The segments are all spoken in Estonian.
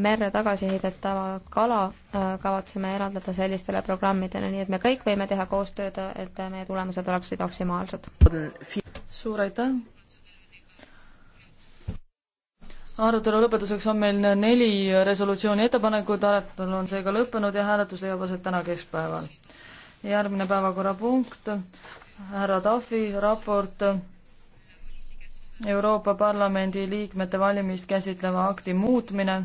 merre tagasi heidetava kala äh, kavatseme eraldada sellistele programmidele, nii et me kõik võime teha koostööd, et meie tulemused oleksid optimaalsed. suur aitäh! arutelu lõpetuseks on meil neli resolutsiooni ettepanekut, arutelu on seega lõppenud ja hääletus leiab aset täna keskpäeval. järgmine päevakorrapunkt, härra Tahvi raport Euroopa Parlamendi liikmete valimist käsitleva akti muutmine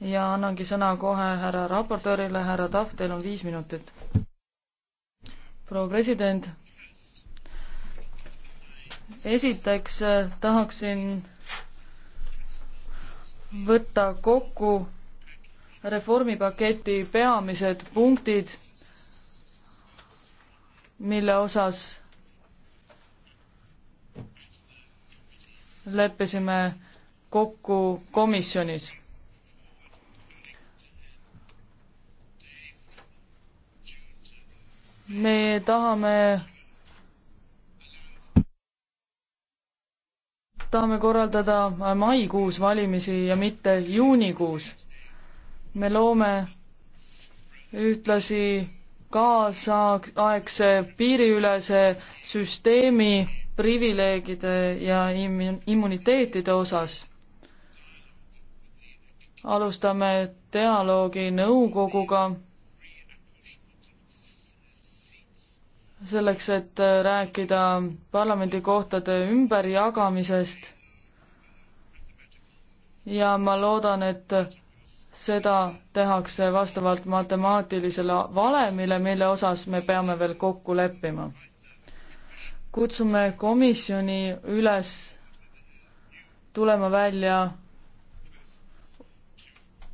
ja annangi sõna kohe härra raportöörile, härra Tahv, teil on viis minutit. proua president, esiteks eh, tahaksin võtta kokku reformipaketi peamised punktid, mille osas leppisime kokku komisjonis me tahame, tahame korraldada maikuus valimisi ja mitte juunikuus. me loome ühtlasi kaasaegse piiriülese süsteemi privileegide ja immuniteetide osas. alustame dialoogi nõukoguga selleks, et äh, rääkida parlamendikohtade ümberjagamisest ja ma loodan, et seda tehakse vastavalt matemaatilisele valemile, mille osas me peame veel kokku leppima. kutsume komisjoni üles tulema välja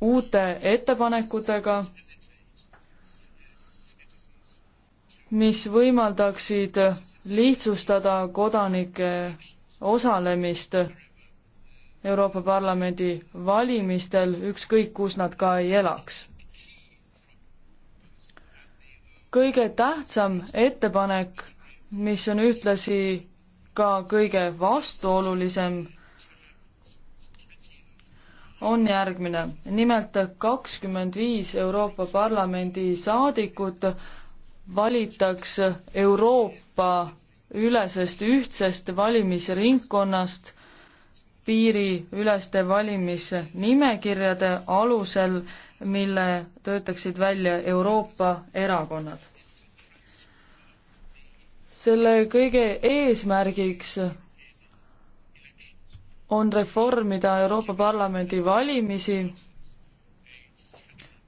uute ettepanekutega mis võimaldaksid lihtsustada kodanike osalemist Euroopa Parlamendi valimistel, ükskõik kus nad ka ei elaks. kõige tähtsam ettepanek, mis on ühtlasi ka kõige vastuolulisem, on järgmine. nimelt kakskümmend viis Euroopa Parlamendi saadikut valitaks Euroopa ülesest ühtsest valimisringkonnast piiriüleste valimisnimekirjade alusel, mille töötaksid välja Euroopa erakonnad. selle kõige eesmärgiks on reformida Euroopa Parlamendi valimisi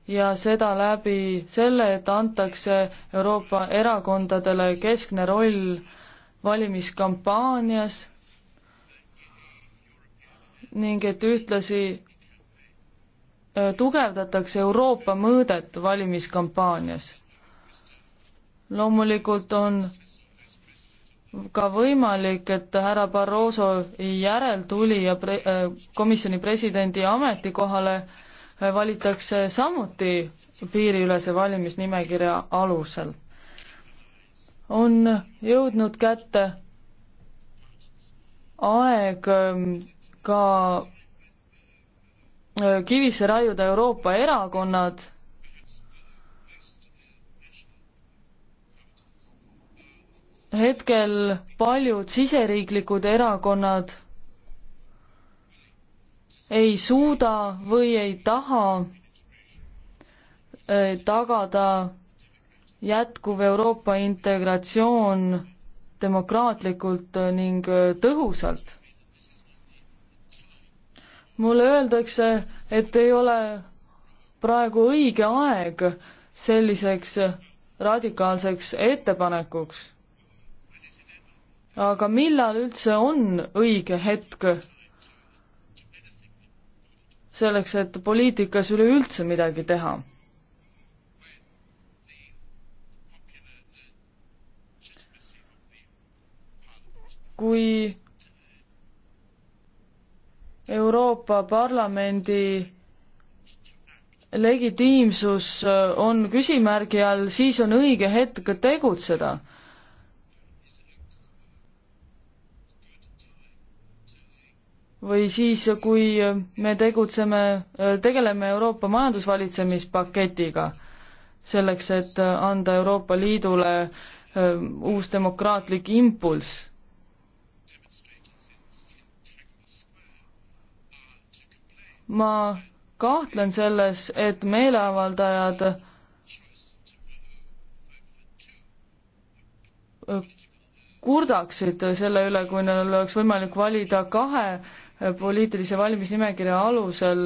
ja seda läbi selle, et antakse Euroopa erakondadele keskne roll valimiskampaanias ning et ühtlasi äh, tugevdatakse Euroopa mõõdet valimiskampaanias. loomulikult on ka võimalik, et härra Barroso järeltulija pre-, äh, komisjoni presidendi ametikohale äh, valitakse samuti piiriülese valimisnimekirja alusel. on jõudnud kätte aeg ähm, ka äh, kivisse raiuda Euroopa erakonnad, hetkel paljud siseriiklikud erakonnad ei suuda või ei taha äh, tagada jätkuv Euroopa integratsioon demokraatlikult äh, ning äh, tõhusalt. mulle öeldakse, et ei ole praegu õige aeg selliseks radikaalseks ettepanekuks. aga millal üldse on õige hetk selleks, et poliitikas üleüldse midagi teha. kui Euroopa Parlamendi legitiimsus on küsimärgi all, siis on õige hetk tegutseda või siis, kui me tegutseme, tegeleme Euroopa majandusvalitsemispaketiga, selleks et anda Euroopa Liidule äh, uus demokraatlik impulss. ma kahtlen selles, et meeleavaldajad äh, kurdaksid selle üle, kui neil oleks võimalik valida kahe poliitilise valimisnimekirja alusel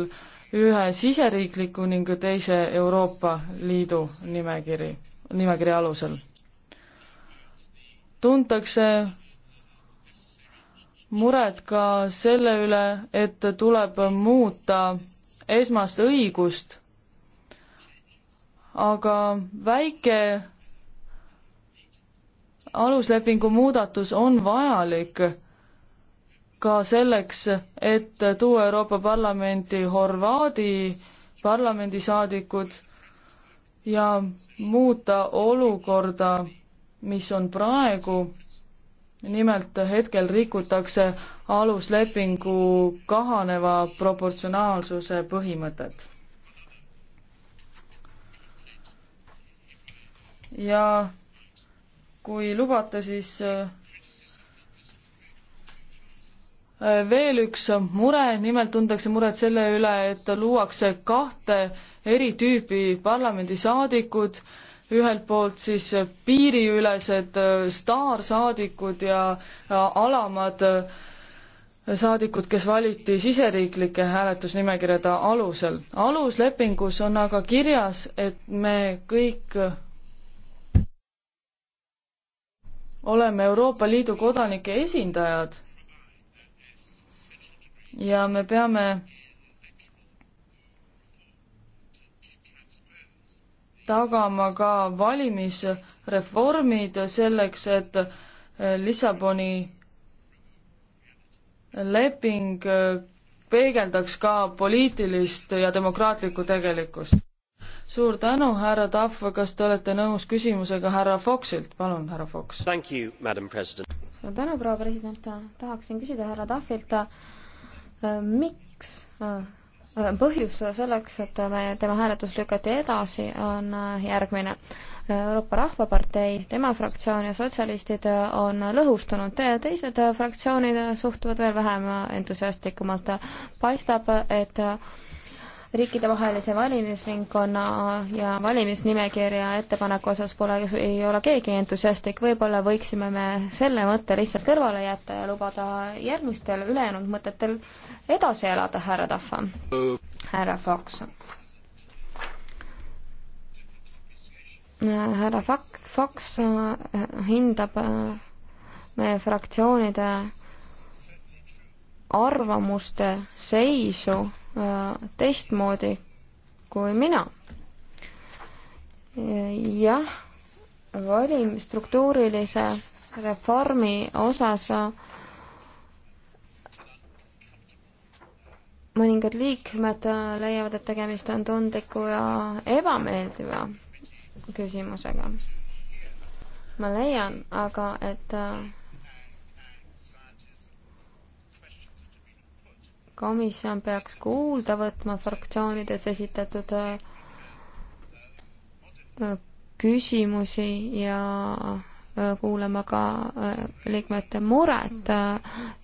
ühe siseriikliku ning teise Euroopa Liidu nimekiri, nimekirja alusel. tuntakse muret ka selle üle, et tuleb muuta esmast õigust, aga väike aluslepingu muudatus on vajalik ka selleks, et tuua Euroopa Parlamenti Horvaadi parlamendisaadikud ja muuta olukorda, mis on praegu, nimelt hetkel rikutakse aluslepingu kahaneva proportsionaalsuse põhimõtet. ja kui lubate, siis Äh, veel üks mure, nimelt tuntakse muret selle üle, et luuakse kahte eri tüüpi parlamendisaadikud, ühelt poolt siis piiriülesed äh, staarsaadikud ja äh, alamad saadikud, kes valiti siseriiklike hääletusnimekirjade alusel. aluslepingus on aga kirjas, et me kõik oleme Euroopa Liidu kodanike esindajad ja me peame tagama ka valimisreformid selleks, et eh, Lissaboni leping eh, peegeldaks ka poliitilist ja demokraatlikku tegelikkust. suur tänu, härra Tahv, kas te olete nõus küsimusega härra Foxilt, palun, härra Fox. suur tänu, proua president, tahaksin küsida härra Tahvilt Äh, miks? Äh, äh, põhjus selleks, et me, tema hääletus lükati edasi, on järgmine. Euroopa Rahvapartei, tema fraktsioon ja sotsialistid on lõhustunud, teised fraktsioonid suhtuvad veel vähem entusiastlikumalt. paistab, et riikidevahelise valimisringkonna ja valimisnimekirja ettepaneku osas pole, ei ole keegi entusiastlik, võib-olla võiksime me selle mõtte lihtsalt kõrvale jätta ja lubada järgmistel ülejäänud mõtetel edasi elada, härra Tahva. härra Fox härra Fox hindab meie fraktsioonide arvamuste seisu Äh, teistmoodi kui mina. jah, valim-, struktuurilise reformi osas äh, mõningad liikmed äh, leiavad, et tegemist on tundliku ja ebameeldiva küsimusega. ma leian aga, et komisjon peaks kuulda võtma fraktsioonides esitatud äh, äh, küsimusi ja äh, kuulama ka liikmete muret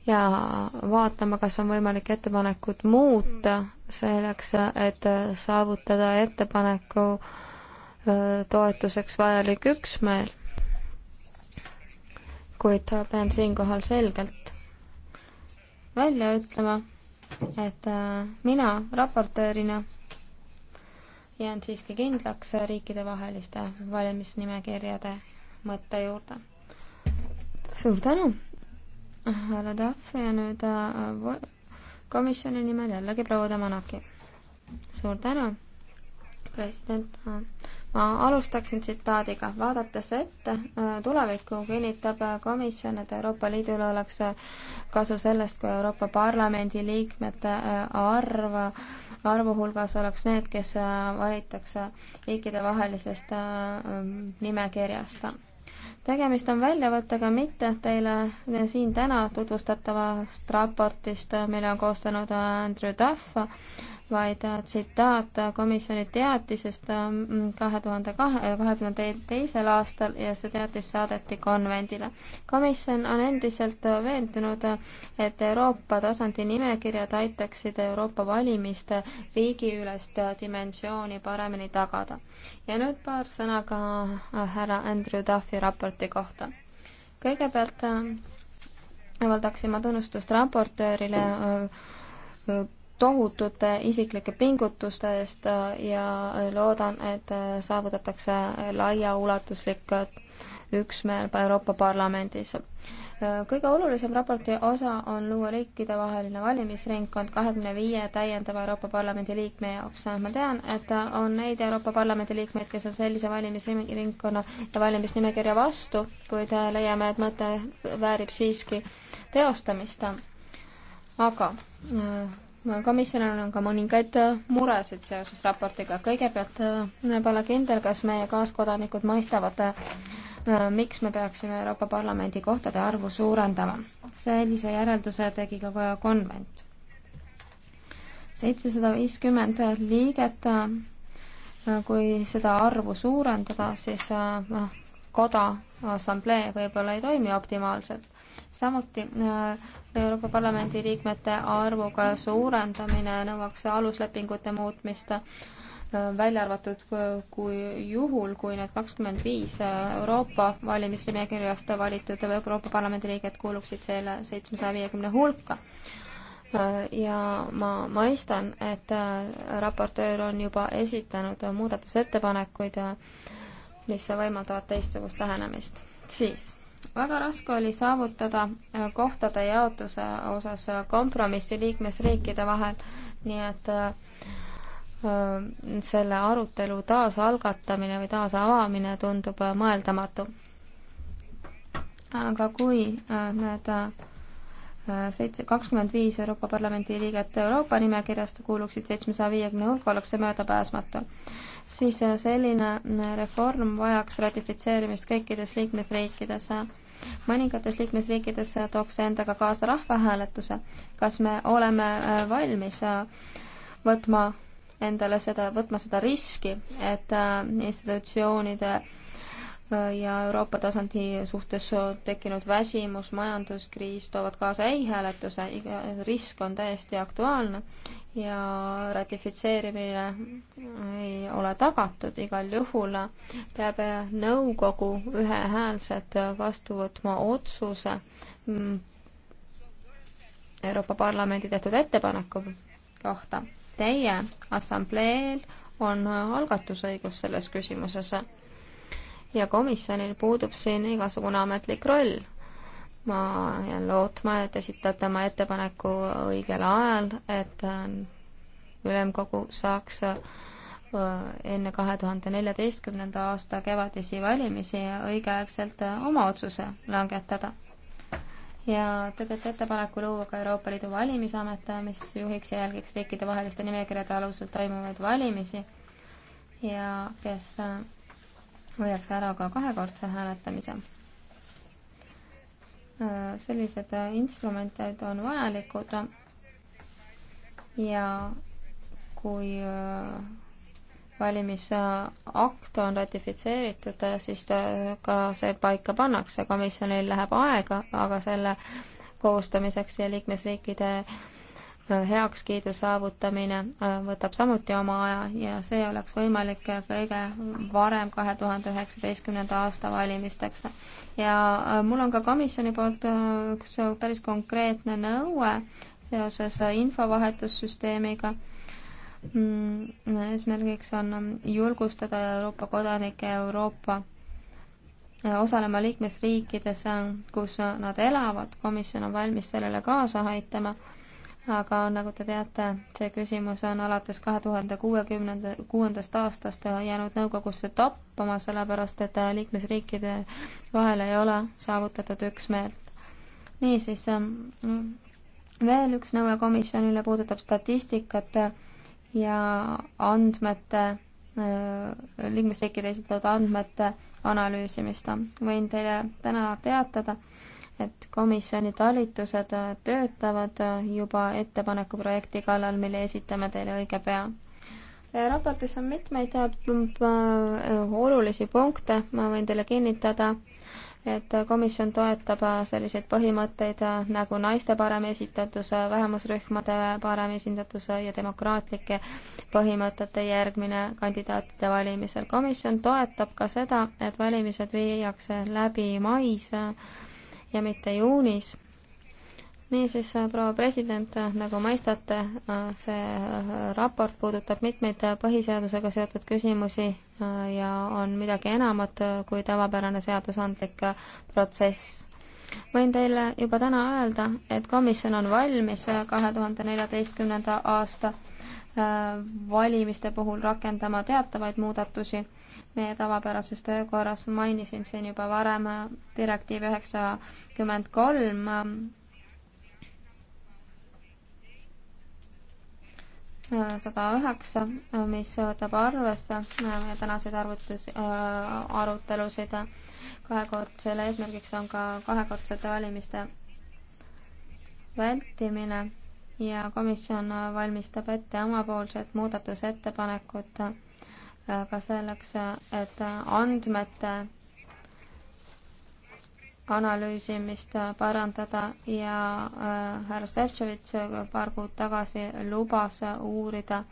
ja vaatama, kas on võimalik ettepanekut muuta selleks, et saavutada ettepaneku toetuseks vajalik üksmeel. kuid pean siinkohal selgelt välja ütlema et äh, mina raportöörina jään siiski kindlaks riikidevaheliste valimisnimekirjade mõtte juurde. suur tänu, härra Tahv ja nüüd äh, komisjoni nimel jällegi proua Damanaki. suur tänu, president äh, ma alustaksin tsitaadiga, vaadates ette äh, tulevikku, kinnitab äh, komisjon, et Euroopa Liidul oleks äh, kasu sellest, kui Euroopa Parlamendi liikmete arv, arvu hulgas oleks need, kes valitakse riikidevahelisest ähm, nimekirjast. tegemist on väljavõttega mitte teile siin täna tutvustatavast raportist, mille on koostanud Andrew Duff, vaid äh, tsitaat äh, komisjoni teatisest ähm, kahe tuhande kahe, äh, kahe tuhande teisel aastal ja see teatis saadeti konvendile. komisjon on endiselt veendunud, et Euroopa tasandi nimekirjad aitaksid Euroopa valimiste riigiülest dimensiooni paremini tagada. ja nüüd paar sõna ka härra Andrew Duffy raporti kohta. kõigepealt avaldaksin ma tunnustust raportöörile tohutute isiklike pingutuste eest äh, ja loodan, et äh, saavutatakse laiaulatuslik äh, üksmeel Euroopa Parlamendis. kõige olulisem raporti osa on luua riikidevaheline valimisringkond kahekümne viie täiendava Euroopa Parlamendi liikme jaoks. ma tean, et on neid Euroopa Parlamendi liikmeid, kes on sellise valimisringkonna ja valimisnimekirja vastu, kuid leiame, et mõte väärib siiski teostamist. aga komisjonil on ka mõningaid muresid seoses raportiga. kõigepealt pole kindel, kas meie kaaskodanikud mõistavad, äh, miks me peaksime Euroopa Parlamendi kohtade arvu suurendama. sellise järelduse tegi ka konvent. seitsesada viiskümmend liiget, äh, kui seda arvu suurendada, siis noh, koda, assamblee võib-olla ei toimi optimaalselt. samuti Euroopa Parlamendi liikmete arvuga suurendamine nõuaks aluslepingute muutmist äh, välja arvatud äh, kui juhul, kui need kakskümmend viis äh, Euroopa valimisnimekirjast valitud Euroopa Parlamendi liiget kuuluksid selle seitsmesaja viiekümne hulka. ja ma mõistan, et raportöör on juba esitanud muudatusettepanekuid, mis võimaldavad teistsugust lähenemist. siis väga raske oli saavutada äh, kohtade jaotuse osas äh, kompromissi liikmesriikide vahel, nii et äh, selle arutelu taasalgatamine või taasavamine tundub mõeldamatu. aga kui need seitse, kakskümmend viis Euroopa Parlamendi liiget Euroopa nimekirjast kuuluksid seitsmesaja viiekümne hulka, oleks see möödapääsmatu. siis äh, selline äh, reform vajaks ratifitseerimist kõikides liikmesriikides. mõningates liikmesriikides tooks see endaga kaasa rahvahääletuse. kas me oleme äh, valmis võtma endale seda, võtma seda riski, et institutsioonide äh, ja Euroopa tasandi suhtes tekkinud väsimus, majanduskriis toovad kaasa ei-hääletuse, risk on täiesti aktuaalne ja ratifitseerimine ei ole tagatud, igal juhul peab nõukogu ühehäälselt vastu võtma otsuse Euroopa Parlamendi tehtud ettepaneku kohta. Teie assambleel on algatusõigus selles küsimuses ja komisjonil puudub siin igasugune ametlik roll. ma jään lootma, et esitate oma ettepaneku õigel ajal, et äh, ülemkogu saaks äh, enne kahe tuhande neljateistkümnenda aasta kevadisi valimisi õigeaegselt äh, oma otsuse langetada. ja te teete ettepaneku luua ka Euroopa Liidu valimisamet, mis juhiks ja jälgiks riikidevaheliste nimekirjade alusel toimuvaid valimisi ja kes hoiaks ära ka kahekordse hääletamise. Äh, sellised äh, instrumendid on vajalikud ja kui äh, valimisakt on ratifitseeritud, siis ta ka see paika pannakse, komisjonil läheb aega, aga selle koostamiseks ja liikmesriikide äh, heakskiidu saavutamine äh, võtab samuti oma aja ja see oleks võimalik kõige varem kahe tuhande üheksateistkümnenda aasta valimisteks. ja äh, mul on ka komisjoni poolt äh, üks päris konkreetne nõue seoses infovahetussüsteemiga. Mm, eesmärgiks on ähm, julgustada Euroopa kodanikke Euroopa osalema liikmesriikides, kus nad elavad, komisjon on valmis sellele kaasa aitama aga nagu te teate, see küsimus on alates kahe tuhande kuuekümnenda, kuuendast aastast jäänud nõukogusse toppama, sellepärast et liikmesriikide vahel ei ole saavutatud üksmeelt. niisiis, mm, veel üks nõue komisjonile puudutab statistikat ja andmete äh, liikmesriikide esitatud andmete analüüsimist. võin teile täna teatada, et komisjoni talitused töötavad juba ettepaneku projekti kallal, mille esitame teile õige pea. raportis on mitmeid äh, olulisi punkte, ma võin teile kinnitada, et komisjon toetab selliseid põhimõtteid nagu naiste parem esitatus, vähemusrühmade parem esindatus ja demokraatlike põhimõtete järgmine kandidaatide valimisel. komisjon toetab ka seda, et valimised viiakse läbi mais ja mitte juunis. niisiis, äh, proua president, äh, nagu mõistate, äh, see raport puudutab mitmeid põhiseadusega seotud küsimusi ja on midagi enamat kui tavapärane seadusandlik protsess võin teile juba täna öelda, et komisjon on valmis kahe tuhande neljateistkümnenda aasta Äh, valimiste puhul rakendama teatavaid muudatusi meie tavapärases töökorras. mainisin siin juba varem äh, direktiiv üheksakümmend kolm äh, sada üheksa, mis võtab arvesse meie tänaseid arvutus, arutelusid kahekordsele eesmärgiks on ka kahekordsete valimiste vältimine ja komisjon valmistab ette omapoolsed muudatusettepanekud äh, ka selleks, et andmete analüüsimist parandada ja äh, härra Šefčovitš paar kuud tagasi lubas uurida,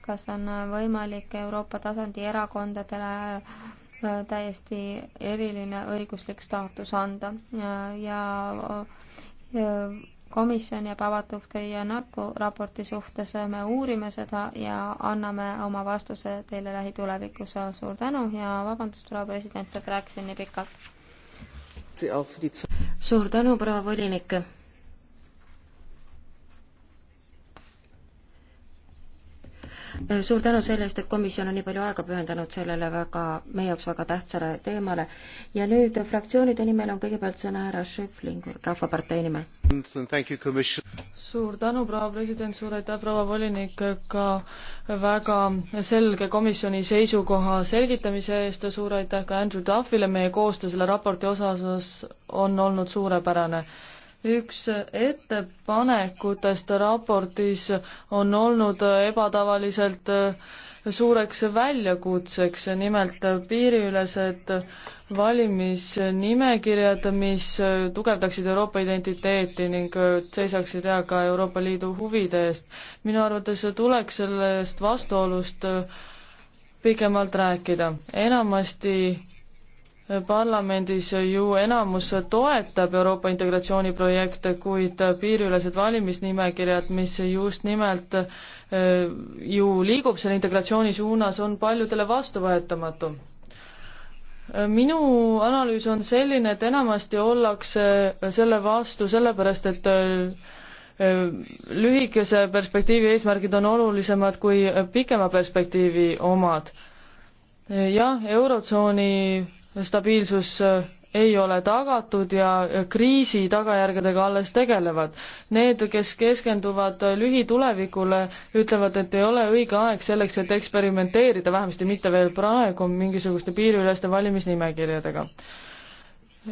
kas on võimalik Euroopa tasandi erakondadele äh, täiesti eriline õiguslik staatus anda ja, ja, ja komisjon jääb avatuks teie NAKU raporti suhtes, me uurime seda ja anname oma vastuse teile lähitulevikus. suur tänu ja vabandust, proua president, et rääkisin nii pikalt. suur tänu, proua volinik Äh, suur tänu selle eest, et komisjon on nii palju aega pühendanud sellele väga, meie jaoks väga tähtsale teemale. ja nüüd fraktsioonide nimel on kõigepealt sõna härra Schöfling Rahvapartei nimel. suur tänu, proua president, suur aitäh, proua volinik, ka väga selge komisjoni seisukoha selgitamise eest ja suur aitäh ka Andrew Duffile, meie koostöö selle raporti osas on olnud suurepärane üks ettepanekutest raportis on olnud ebatavaliselt äh, suureks väljakutseks, nimelt piiriülesed valimisnimekirjad, mis äh, tugevdaksid Euroopa identiteeti ning äh, seisaksid hea ka Euroopa Liidu huvide eest. minu arvates tuleks sellest vastuolust pikemalt rääkida. enamasti parlamendis ju enamus toetab Euroopa integratsiooniprojekte, kuid piiriülesed valimisnimekirjad, mis just nimelt eh, ju liigub selle integratsiooni suunas, on paljudele vastuvõetamatu. minu analüüs on selline, et enamasti ollakse selle vastu sellepärast, et eh, lühikese perspektiivi eesmärgid on olulisemad kui pikema perspektiivi omad. jah, Eurotsooni stabiilsus äh, ei ole tagatud ja kriisi tagajärgedega alles tegelevad. Need, kes keskenduvad äh, lühitulevikule, ütlevad, et ei ole õige aeg selleks, et eksperimenteerida, vähemasti mitte veel praegu, mingisuguste piiriüleste valimisnimekirjadega.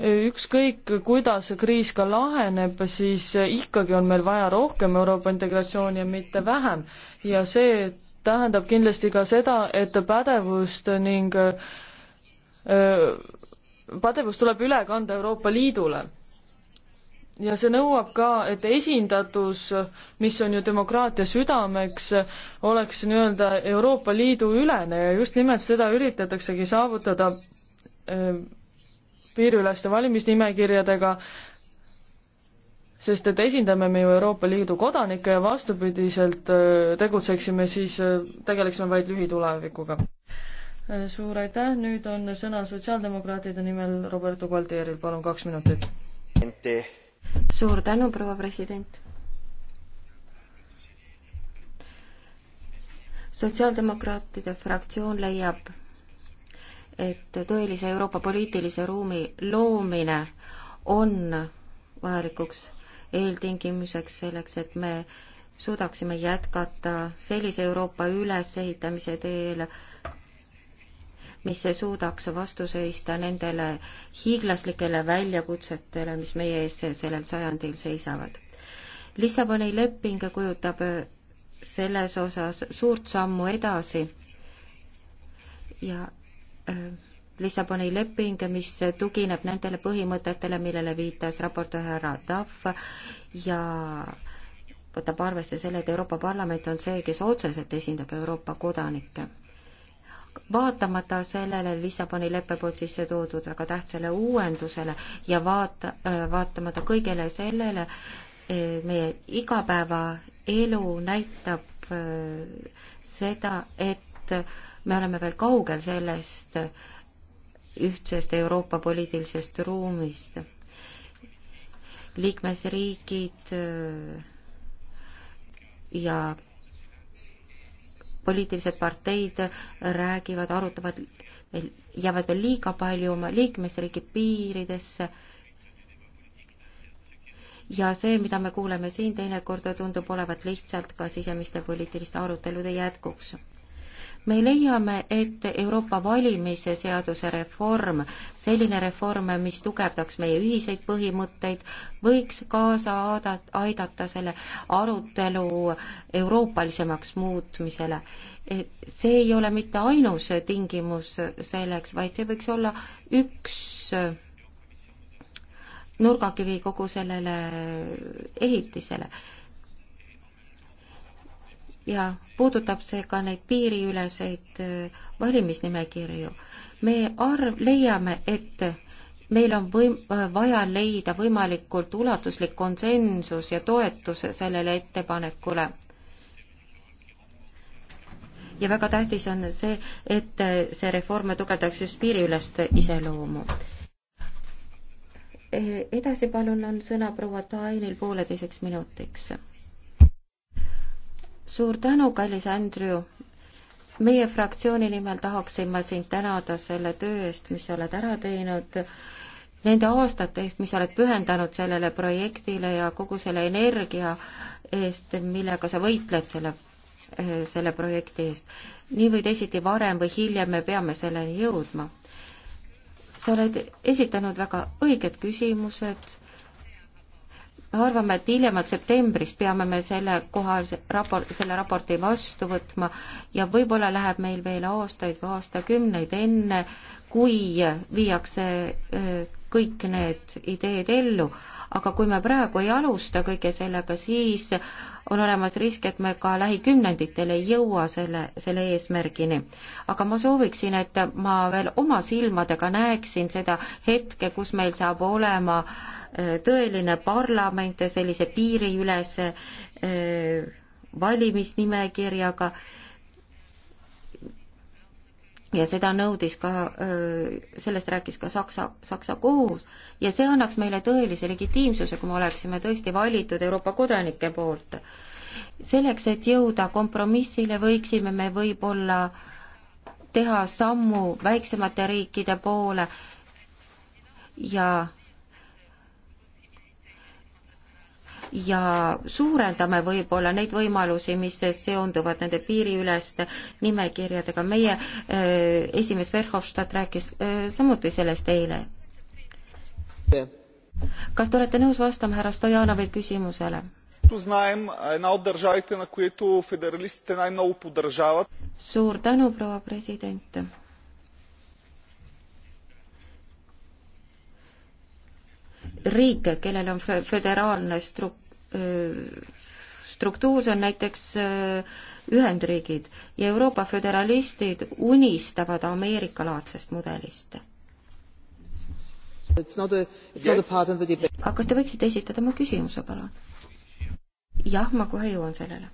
ükskõik, kuidas kriis ka laheneb, siis äh, ikkagi on meil vaja rohkem Euroopa integratsiooni ja mitte vähem. ja see tähendab kindlasti ka seda, et pädevust ning äh, pädevus tuleb üle kanda Euroopa Liidule. ja see nõuab ka, et esindatus, mis on ju demokraatia südameks, oleks nii-öelda Euroopa Liidu ülene ja just nimelt seda üritataksegi saavutada piiriüleste valimisnimekirjadega, sest et esindame me ju Euroopa Liidu kodanikke ja vastupidiselt tegutseksime, siis tegeleksime vaid lühitulevikuga suur aitäh, nüüd on sõna sotsiaaldemokraatide nimel Roberto Gualtieril, palun kaks minutit. suur tänu, proua president. sotsiaaldemokraatide fraktsioon leiab, et tõelise Euroopa poliitilise ruumi loomine on vajalikuks eeltingimuseks selleks, et me suudaksime jätkata sellise Euroopa ülesehitamise teel, mis suudaks vastu seista nendele hiiglaslikele väljakutsetele, mis meie ees sellel sajandil seisavad. Lissaboni leping kujutab äh, selles osas suurt sammu edasi ja äh, Lissaboni leping, mis tugineb nendele põhimõtetele, millele viitas raportöör härra Tahv ja võtab arvesse selle, et Euroopa Parlament on see, kes otseselt esindab Euroopa kodanikke vaatamata sellele Lissaboni leppe poolt sisse toodud väga tähtsale uuendusele ja vaata, äh, vaatamata kõigele sellele, äh, meie igapäevaelu näitab äh, seda, et me oleme veel kaugel sellest ühtsest Euroopa poliitilisest ruumist. liikmesriigid ja poliitilised parteid räägivad, arutavad, jäävad veel liiga palju oma liikmesriigi piiridesse ja see, mida me kuuleme siin, teinekord tundub olevat lihtsalt ka sisemiste poliitiliste arutelude jätkuks me leiame, et Euroopa valimisseaduse reform, selline reform, mis tugevdaks meie ühiseid põhimõtteid, võiks kaasa aidata selle arutelu euroopalisemaks muutmisele. see ei ole mitte ainus tingimus selleks, vaid see võiks olla üks nurgakivi kogu sellele ehitisele ja puudutab see ka neid piiriüleseid äh, valimisnimekirju. me arv, leiame, et meil on võim-, äh, vaja leida võimalikult ulatuslik konsensus ja toetus sellele ettepanekule. ja väga tähtis on see, et äh, see reform tugevdaks just piiriülest iseloomu. edasi palun, on sõna proua Tainil pooleteiseks minutiks suur tänu, kallis Andrew! meie fraktsiooni nimel tahaksin ma sind tänada selle töö eest, mis sa oled ära teinud, nende aastate eest, mis sa oled pühendanud sellele projektile ja kogu selle energia eest, millega sa võitled selle, eh, selle projekti eest. nii või teisiti, varem või hiljem me peame selleni jõudma. sa oled esitanud väga õiged küsimused arvame, et hiljemalt septembris peame me selle kohalise raport, selle raporti vastu võtma ja võib-olla läheb meil veel aastaid või aastakümneid enne, kui viiakse kõik need ideed ellu, aga kui me praegu ei alusta kõige sellega, siis on olemas risk, et me ka lähikümnenditel ei jõua selle, selle eesmärgini. aga ma sooviksin, et ma veel oma silmadega näeksin seda hetke, kus meil saab olema äh, tõeline parlament sellise piiriülese äh, valimisnimekirjaga ja seda nõudis ka, sellest rääkis ka Saksa, Saksa kohus ja see annaks meile tõelise legitiimsuse, kui me oleksime tõesti valitud Euroopa kodanike poolt. selleks, et jõuda kompromissile, võiksime me võib-olla teha sammu väiksemate riikide poole ja ja suurendame võib-olla neid võimalusi, mis seonduvad nende piiriüleste nimekirjadega. meie äh, esimees Verhofstadt rääkis äh, samuti sellest eile. kas te olete nõus vastama härra Stojanovi küsimusele? знаем една от държавите, на които федералистите най-много поддържават. Suur tänu, proua president riike, kellel on föderaalne stru-, struktuur, see on näiteks Ühendriigid ja Euroopa föderalistid unistavad Ameerika-laadsest mudelist. aga kas te võiksite esitada mu küsimuse, palun? jah, ma kohe jõuan sellele.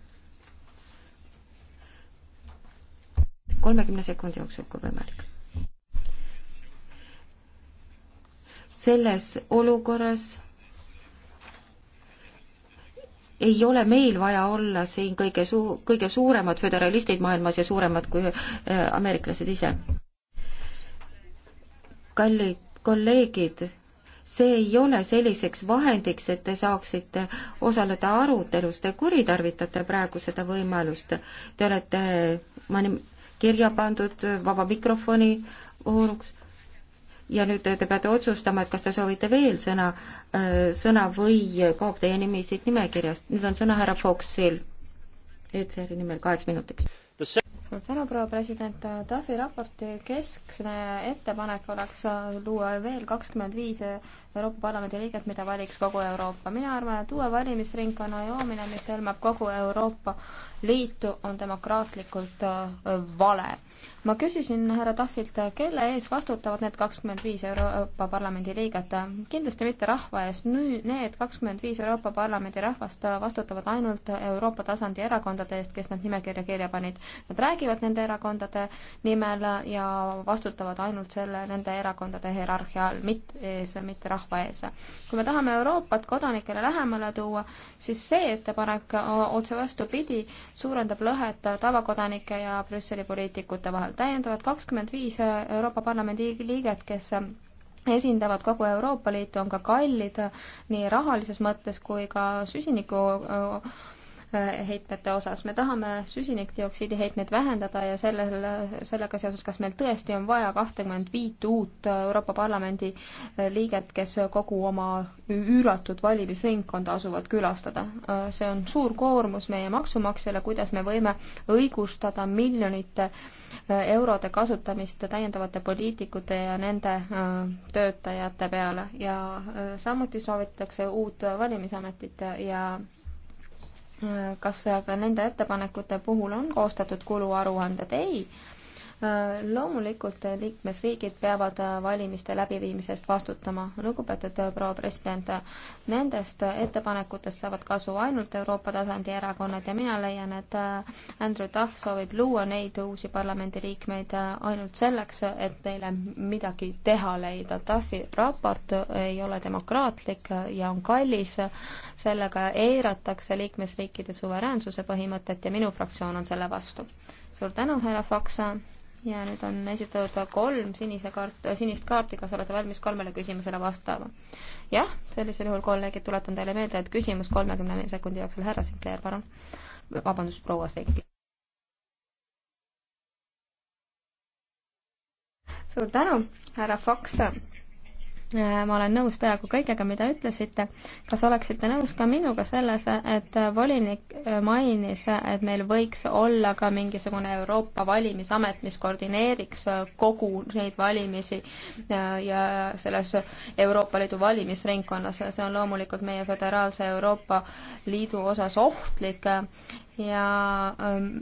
kolmekümne sekundi jooksul, kui võimalik selles olukorras ei ole meil vaja olla siin kõige suu-, kõige suuremad föderalistid maailmas ja suuremad kui äh, ameeriklased ise. kallid kolleegid, see ei ole selliseks vahendiks, et te saaksite osaleda arutelus, te kuritarvitate praegu seda võimalust. Te olete mõni kirja pandud vaba mikrofoni vooruks ja nüüd te peate otsustama, et kas te soovite veel sõna, äh, sõna või kaob teie nimi siit nimekirjast. nüüd on sõna härra Foxil, ECR-i nimel kaheks minutiks. suur tänu, proua president, TAFi raporti keskne ettepanek oleks luua veel kakskümmend viis Euroopa Parlamendi liiget, mida valiks kogu Euroopa. mina arvan, et uue valimisringkonna joomine, mis hõlmab kogu Euroopa Liitu, on demokraatlikult äh, vale. ma küsisin härra Tahvilt, kelle ees vastutavad need kakskümmend viis Euroopa Parlamendi liiget? kindlasti mitte rahva ees, nüüd need kakskümmend viis Euroopa Parlamendi rahvast vastutavad ainult Euroopa tasandi erakondade eest, kes nad nimekirja kirja panid. Nad räägivad nende erakondade nimel ja vastutavad ainult selle, nende erakondade hierarhia all, mitte ees, mitte rahva rahva ees. kui me tahame Euroopat kodanikele lähemale tuua, siis see ettepanek otse vastupidi suurendab lõhet tavakodanike ja Brüsseli poliitikute vahel. täiendavad kakskümmend viis Euroopa Parlamendi liiget, kes esindavad kogu Euroopa Liitu, on ka kallid nii rahalises mõttes kui ka süsiniku heitmete osas. me tahame süsinikdioksiidi heitmeid vähendada ja sellel, sellega seoses, kas meil tõesti on vaja kahtekümmend viit uut Euroopa Parlamendi liiget, kes kogu oma üüratud valimisringkonda asuvad külastada. see on suur koormus meie maksumaksjale, kuidas me võime õigustada miljonite eurode kasutamist täiendavate poliitikute ja nende äh, töötajate peale ja äh, samuti soovitakse uut valimisametit ja kas aga nende ettepanekute puhul on koostatud kuluaruanded? ei Äh, loomulikult liikmesriigid peavad äh, valimiste läbiviimisest vastutama. lugupeetud äh, proua president, nendest ettepanekutest saavad kasu ainult Euroopa tasandi erakonnad ja mina leian, et Andrew Duff soovib luua neid uusi parlamendiliikmeid ainult selleks, et neile midagi teha leida. Duffi raport ei ole demokraatlik ja on kallis, sellega eiratakse liikmesriikide suveräänsuse põhimõtet ja minu fraktsioon on selle vastu. suur tänu, härra Faksa! ja nüüd on esitatud kolm sinise kaart, sinist kaarti, kas olete valmis kolmele küsimusele vastama? jah, sellisel juhul, kolleegid, tuletan teile meelde, et küsimus kolmekümne sekundi jooksul, härra Sinclair, palun. vabandust, proua Seiki. suur tänu, härra Fox Äh, ma olen nõus peaaegu kõigega, mida ütlesite. kas oleksite nõus ka minuga selles, et volinik äh, mainis, et meil võiks olla ka mingisugune Euroopa valimisamet, mis koordineeriks äh, kogu neid valimisi ja selles Euroopa Liidu valimisringkonnas ja see on loomulikult meie föderaalse Euroopa Liidu osas ohtlik ja ähm,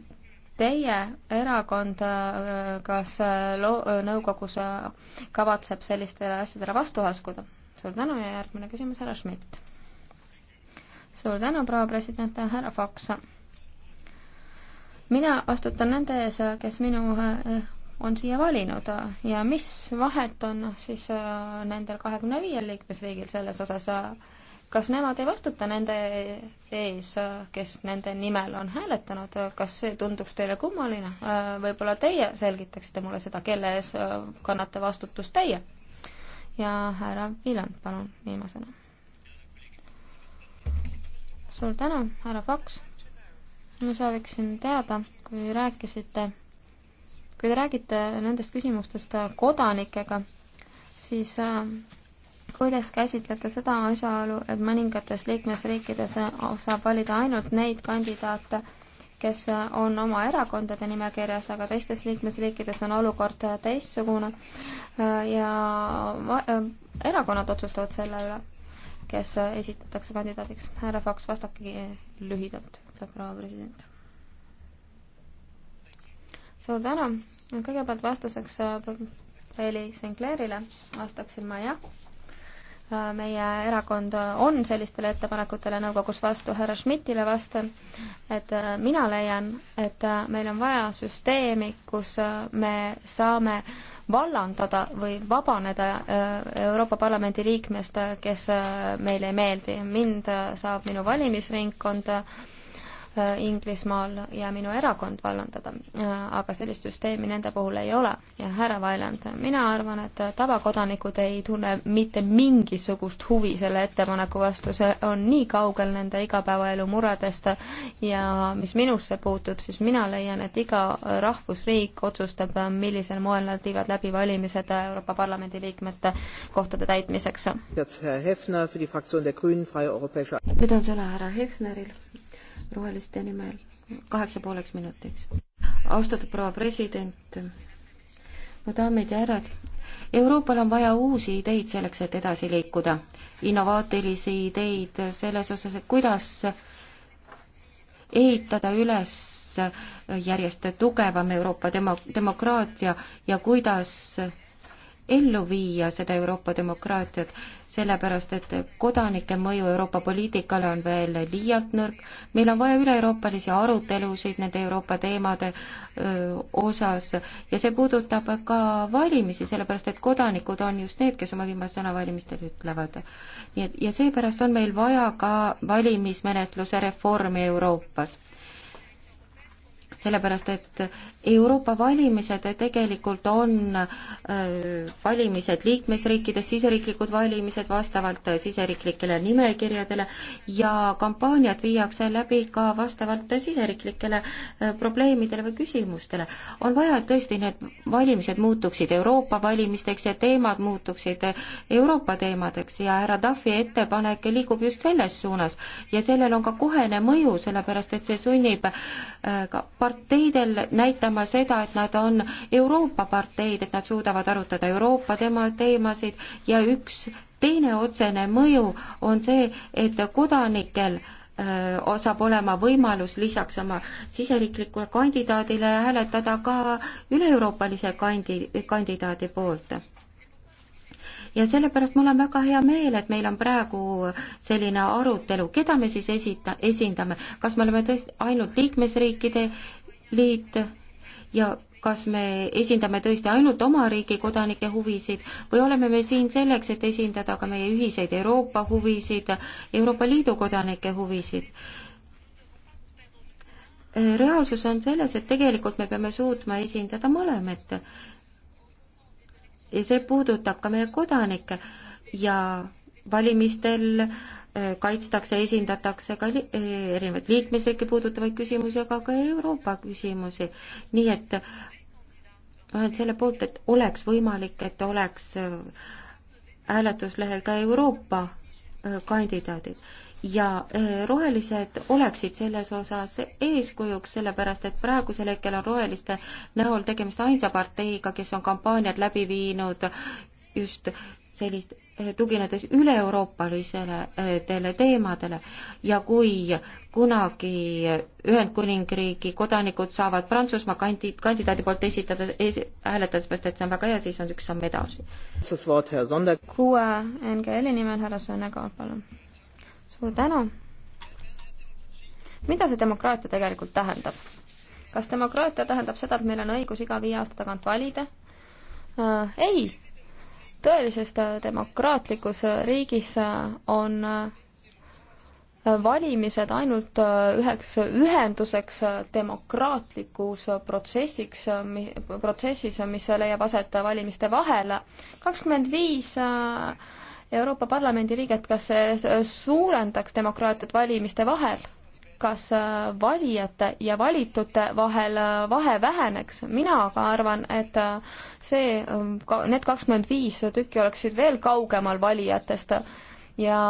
Teie erakond äh, kas äh, äh, nõukogus kavatseb sellistele asjadele vastu askuda? suur tänu ja järgmine küsimus, härra Schmidt. suur tänu, proua president, härra Fox. mina vastutan nende ees, kes minu on siia valinud ja mis vahet on siis nendel kahekümne viiel liikmesriigil selles osas, kas nemad ei vastuta nende ees, kes nende nimel on hääletanud, kas see tunduks teile kummaline? võib-olla teie selgitaksite mulle seda, kelle ees kannate vastutust teie? ja härra Viljand, palun viimasena. suur tänu, härra Paks. ma sooviksin teada, kui rääkisite, kui te räägite nendest küsimustest kodanikega, siis äh, kuidas käsitlete seda asjaolu, et mõningates liikmesriikides saab valida ainult neid kandidaate, kes on oma erakondade nimekirjas, aga teistes liikmesriikides on olukord teistsugune ja erakonnad otsustavad selle üle, kes esitatakse kandidaadiks. härra Fox, vastake lühidalt, ütleb proua president. suur tänu, kõigepealt vastuseks Reili Sinclairile vastaksin ma jah Äh, meie erakond äh, on sellistele ettepanekutele nõukogus vastu, härra Schmidtile vastan, et äh, mina leian, et meil on vaja süsteemi, kus me saame vallandada või vabaneda Euroopa Parlamendi liikmest, kes meile ei meeldi. mind saab minu valimisringkond Äh, Inglismaal ja minu erakond vallandada. Äh, aga sellist süsteemi nende puhul ei ole. ja härra Vailand, mina arvan, et tavakodanikud ei tunne mitte mingisugust huvi selle ettepaneku vastu, see on nii kaugel nende igapäevaelu muredest ja mis minusse puutub, siis mina leian, et iga rahvusriik otsustab, millisel moel nad viivad läbi valimised Euroopa Parlamendi liikmete kohtade täitmiseks. nüüd on sõna härra Hefneril roheliste nimel kaheksa pooleks minutiks. austatud proua president, mu daamid ja härrad, Euroopal on vaja uusi ideid selleks, et edasi liikuda, innovaatilisi ideid selles osas, et kuidas ehitada üles järjest tugevam Euroopa demo-, demokraatia ja kuidas ellu viia seda Euroopa demokraatiat, sellepärast et kodanike mõju Euroopa poliitikale on veel liialt nõrk. meil on vaja üle-euroopalisi arutelusid nende Euroopa teemade öö, osas ja see puudutab ka valimisi, sellepärast et kodanikud on just need, kes oma viimase sõna valimistel ütlevad. nii et ja seepärast on meil vaja ka valimismenetluse reformi Euroopas sellepärast, et Euroopa valimised tegelikult on äh, valimised liikmesriikides, siseriiklikud valimised vastavalt äh, siseriiklikele nimekirjadele ja kampaaniad viiakse läbi ka vastavalt siseriiklikele äh, probleemidele või küsimustele. on vaja, et tõesti need valimised muutuksid Euroopa valimisteks ja teemad muutuksid Euroopa teemadeks ja härra Tafi ettepanek liigub just selles suunas ja sellel on ka kohene mõju, sellepärast et see sunnib ka parteidel näitama näitama seda, et nad on Euroopa parteid, et nad suudavad arutada Euroopa tema teemasid ja üks teine otsene mõju on see, et kodanikel saab olema võimalus lisaks oma siseriiklikule kandidaadile hääletada ka üle-euroopalise kandi, kandidaadi poolt. ja sellepärast mul on väga hea meel, et meil on praegu selline arutelu, keda me siis esita, esindame, kas me oleme tõesti ainult liikmesriikide liit ja kas me esindame tõesti ainult oma riigi kodanike huvisid või oleme me siin selleks, et esindada ka meie ühiseid Euroopa huvisid, Euroopa Liidu kodanike huvisid. reaalsus on selles, et tegelikult me peame suutma esindada mõlemat. ja see puudutab ka meie kodanikke ja valimistel äh, kaitstakse, esindatakse ka erinevaid liikmesriike puudutavaid küsimusi, aga ka Euroopa küsimusi. nii et ma olen selle poolt, et oleks võimalik, et oleks äh, hääletuslehel ka Euroopa äh, kandidaadid ja äh, rohelised oleksid selles osas eeskujuks, sellepärast et praegusel hetkel on roheliste näol tegemist ainsa parteiga, kes on kampaaniad läbi viinud just sellist Eh, tuginedes üle-euroopalisele eh, teemadele ja kui kunagi Ühendkuningriigi kodanikud saavad Prantsusmaa kandi-, kandidaadi poolt esitada es,, hääletada, sellepärast et see on väga hea, siis on üks samm edasi. kuue NGL-i nimel härra Sõnekaal, palun. suur tänu. mida see demokraatia tegelikult tähendab? kas demokraatia tähendab seda, et meil on õigus iga viie aasta tagant valida äh,? ei tõelises äh, demokraatlikus äh, riigis äh, on valimised ainult üheks ühenduseks demokraatlikus protsessiks, protsessis, mis leiab aset valimiste vahel. kakskümmend viis Euroopa Parlamendi liiget, kas see suurendaks demokraatiat valimiste vahel? kas äh, valijate ja valitute vahel äh, vahe väheneks. mina aga arvan, et äh, see, ähm, need kakskümmend viis tükki oleksid veel kaugemal valijatest ja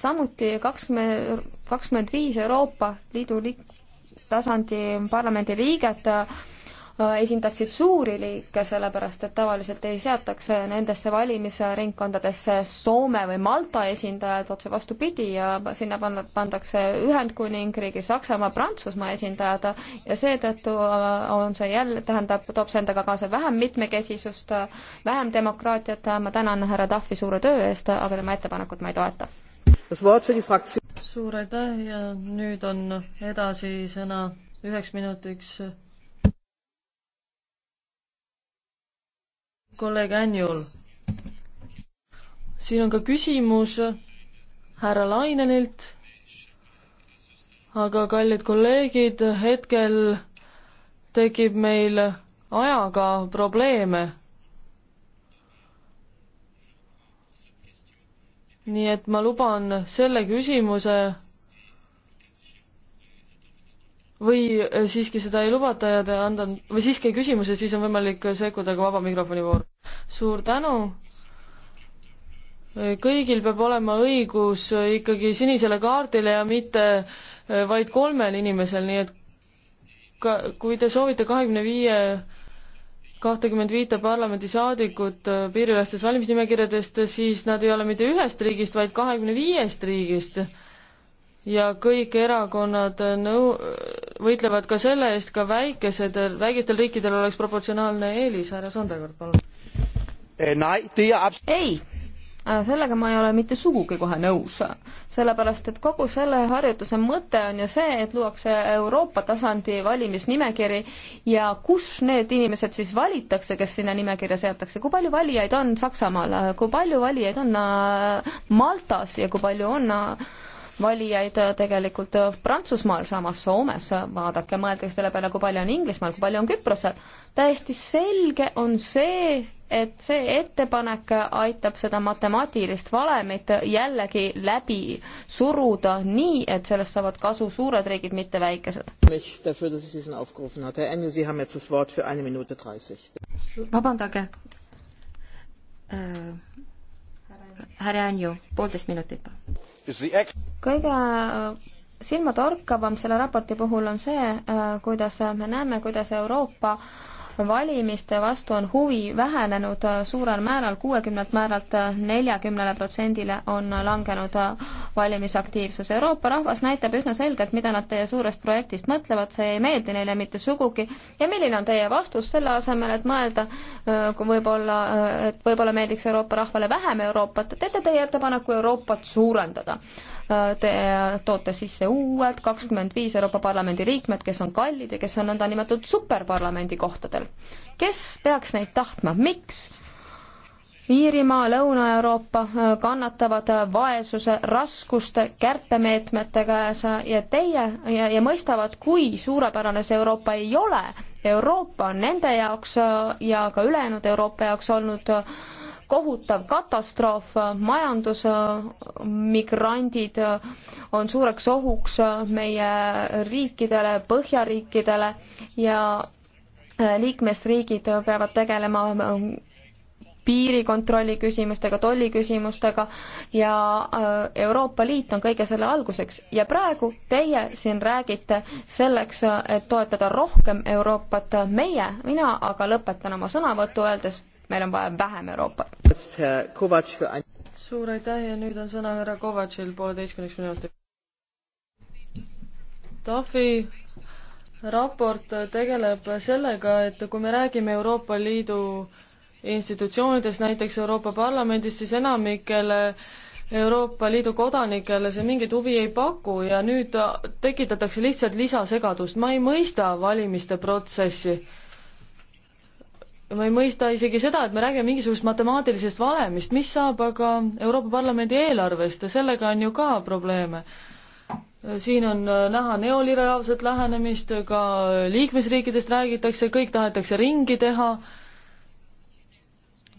samuti kakskümmend, kakskümmend viis Euroopa Liidu liik-, tasandi parlamendi liiget esindaksid suuri liike, sellepärast et tavaliselt ei seatakse nendesse valimisringkondadesse Soome või Malta esindajad, otse vastupidi, ja sinna pandakse Ühendkuningriigi, Saksamaa, Prantsusmaa esindajad ja seetõttu äh, on see jälle, tähendab, toob see endaga kaasa vähem mitmekesisust, vähem demokraatiat, ma tänan härra Tahvi suure töö eest, aga tema ettepanekut ma ei toeta. suur aitäh ja nüüd on edasi sõna üheks minutiks kolleeg Anjul. siin on ka küsimus härra Lainenilt. aga kallid kolleegid, hetkel tekib meil ajaga probleeme. nii et ma luban selle küsimuse või äh, siiski seda ei lubata ja te anda, või siiski ei küsimus ja siis on võimalik äh, sekkuda ka vaba mikrofoni voor. suur tänu! Äh, kõigil peab olema õigus ikkagi sinisele kaardile ja mitte vaid kolmel inimesel, nii et ka, kui te soovite kahekümne viie kahtekümmend viite parlamendisaadikut piiriülestest valimisnimekirjadest, siis nad ei ole mitte ühest riigist, vaid kahekümne viiest riigist ja kõik erakonnad nõu-, võitlevad ka selle eest, ka väikesed, väikestel riikidel oleks proportsionaalne eelis, härra Sonderkord, palun. Eh, er ei, äh, sellega ma ei ole mitte sugugi kohe nõus. sellepärast, et kogu selle harjutuse mõte on ju see, et luuakse Euroopa tasandi valimisnimekiri ja kus need inimesed siis valitakse, kes sinna nimekirja seatakse, kui palju valijaid on Saksamaal, kui palju valijaid on äh, Maltas ja kui palju on äh, valijaid tegelikult Prantsusmaal, samas Soomes, vaadake, mõelge selle peale, kui palju on Inglismaal, kui palju on Küprosel. täiesti selge on see, et see ettepanek aitab seda matemaatilist valemit jällegi läbi suruda nii, et sellest saavad kasu suured riigid, mitte väikesed. vabandage äh härra Anju, poolteist minutit, palun. kõige äh, silmatorkavam selle raporti puhul on see, äh, kuidas me näeme, kuidas Euroopa valimiste vastu on huvi vähenenud äh, suurel määral, kuuekümnelt määralt äh, neljakümnele protsendile on langenud äh, valimisaktiivsus. Euroopa rahvas näitab üsna selgelt, mida nad teie suurest projektist mõtlevad, see ei meeldi neile mitte sugugi ja milline on teie vastus selle asemel, et mõelda, kui võib-olla, et võib-olla meeldiks Euroopa rahvale vähem Euroopat, teete teie ettepaneku Euroopat suurendada Äh, te toote sisse uued kakskümmend viis Euroopa Parlamendi liikmed, kes on kallid ja kes on nõndanimetatud superparlamendi kohtadel. kes peaks neid tahtma, miks? Iirimaa, Lõuna-Euroopa äh, kannatavad vaesuse, raskuste, kärpemeetmete käes ja teie ja, ja mõistavad, kui suurepärane see Euroopa ei ole. Euroopa on nende jaoks äh, ja ka ülejäänud Euroopa jaoks olnud äh, kohutav katastroof, majandusmigrandid on suureks ohuks meie riikidele, põhjariikidele ja liikmesriigid peavad tegelema piirikontrolli küsimustega, tolliküsimustega ja äh, Euroopa Liit on kõige selle alguseks. ja praegu teie siin räägite selleks, et toetada rohkem Euroopat meie, mina aga lõpetan oma sõnavõtu öeldes meil on vaja vähem Euroopat. suur aitäh ja nüüd on sõna härra Kovatšil pooleteistkümneks minutiks. Tafi raport tegeleb sellega, et kui me räägime Euroopa Liidu institutsioonides, näiteks Euroopa Parlamendis, siis enamikele Euroopa Liidu kodanikele see mingit huvi ei paku ja nüüd tekitatakse lihtsalt lisasegadust. ma ei mõista valimiste protsessi ma ei mõista isegi seda, et me räägime mingisugusest matemaatilisest valemist, mis saab aga Euroopa Parlamendi eelarvest ja sellega on ju ka probleeme. siin on äh, näha neoliberaalset lähenemist, ka liikmesriikidest räägitakse, kõik tahetakse ringi teha.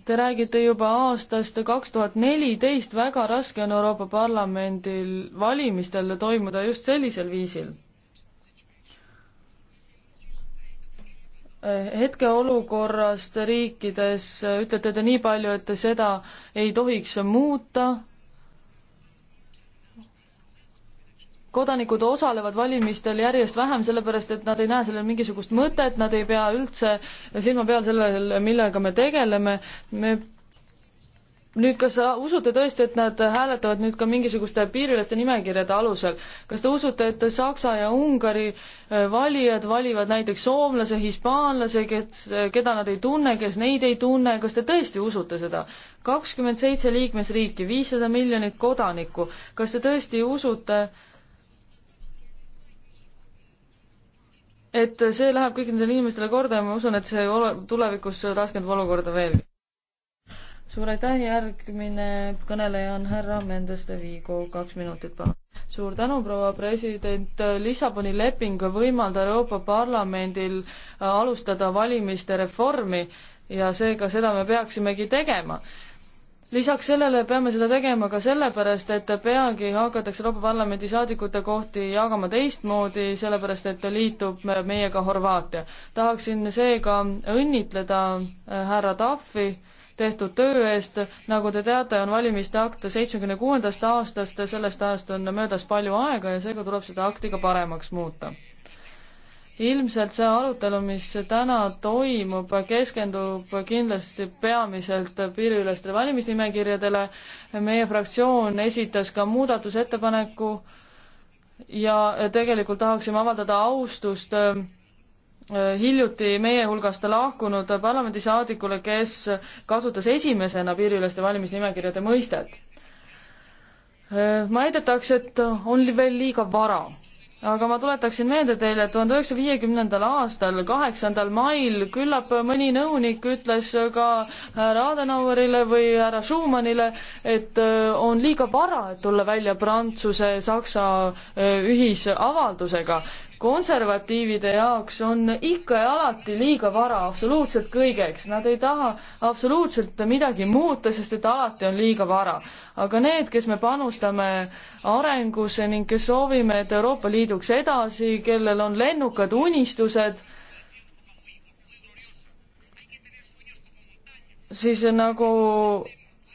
Te räägite juba aastast kaks tuhat neliteist, väga raske on Euroopa Parlamendil valimistel toimuda just sellisel viisil Eh, hetkeolukorrast riikides eh, ütlete te nii palju, et seda ei tohiks muuta. kodanikud osalevad valimistel järjest vähem, sellepärast et nad ei näe sellel mingisugust mõtet, nad ei pea üldse silma peal sellel, millega me tegeleme. me nüüd, kas usute tõesti, et nad hääletavad nüüd ka mingisuguste piirilaste nimekirjade alusel? kas te usute, et Saksa ja Ungari äh, valijad valivad näiteks soomlase, hispaanlase, kes, äh, keda nad ei tunne, kes neid ei tunne, kas te tõesti usute seda? kakskümmend seitse liikmesriiki, viissada miljonit kodanikku, kas te tõesti usute, et see läheb kõikidele inimestele korda ja ma usun, et see ole, tulevikus raskendab olukorda veelgi suur aitäh, järgmine kõneleja on härra Mendes de Vigo, kaks minutit palun. suur tänu, proua president, Lissaboni leping võimaldab Euroopa Parlamendil äh, alustada valimiste reformi ja seega seda me peaksimegi tegema lisaks sellele peame seda tegema ka sellepärast, et peagi hakatakse Euroopa Parlamendi saadikute kohti jagama teistmoodi, sellepärast et liitub meiega Horvaatia. tahaksin seega õnnitleda äh, härra Tahvi tehtud töö eest. nagu te teate, on valimiste akt seitsmekümne kuuendast aastast, sellest ajast on möödas palju aega ja seega tuleb seda akti ka paremaks muuta. ilmselt see arutelu, mis täna toimub, keskendub kindlasti peamiselt piiriülestele valimisnimekirjadele. meie fraktsioon esitas ka muudatusettepaneku ja tegelikult tahaksime avaldada austust äh, Äh, hiljuti meie hulgast lahkunud parlamendisaadikule, kes kasutas esimesena piiriüleste valimisnimekirjade mõistet. väidetakse, äh, et on veel liiga vara, aga ma tuletaksin meelde teile, et tuhande üheksasaja viiekümnendal aastal, kaheksandal mail, küllap mõni nõunik ütles ka härra Adenauerile või härra Schumannile, et äh, on liiga vara, et tulla välja Prantsuse-Saksa ühisavaldusega konservatiivide jaoks on ikka ja alati liiga vara absoluutselt kõigeks, nad ei taha absoluutselt midagi muuta, sest et alati on liiga vara. aga need, kes me panustame arengusse ning kes soovime, et Euroopa Liiduks edasi, kellel on lennukad unistused, siis nagu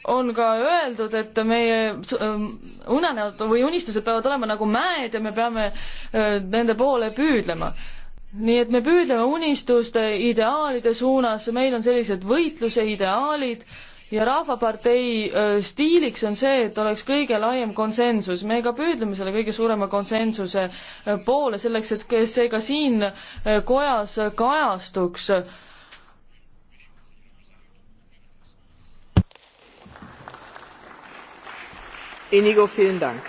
on ka öeldud, et meie ähm, unenäod või unistused peavad olema nagu mäed ja me peame äh, nende poole püüdlema. nii et me püüdleme unistuste ideaalide suunas, meil on sellised võitluse ideaalid ja Rahvapartei äh, stiiliks on see, et oleks kõige laiem konsensus, me ka püüdleme selle kõige suurema konsensuse äh, poole, selleks et see ka siin kojas kajastuks ka Inigo, vielen Dank.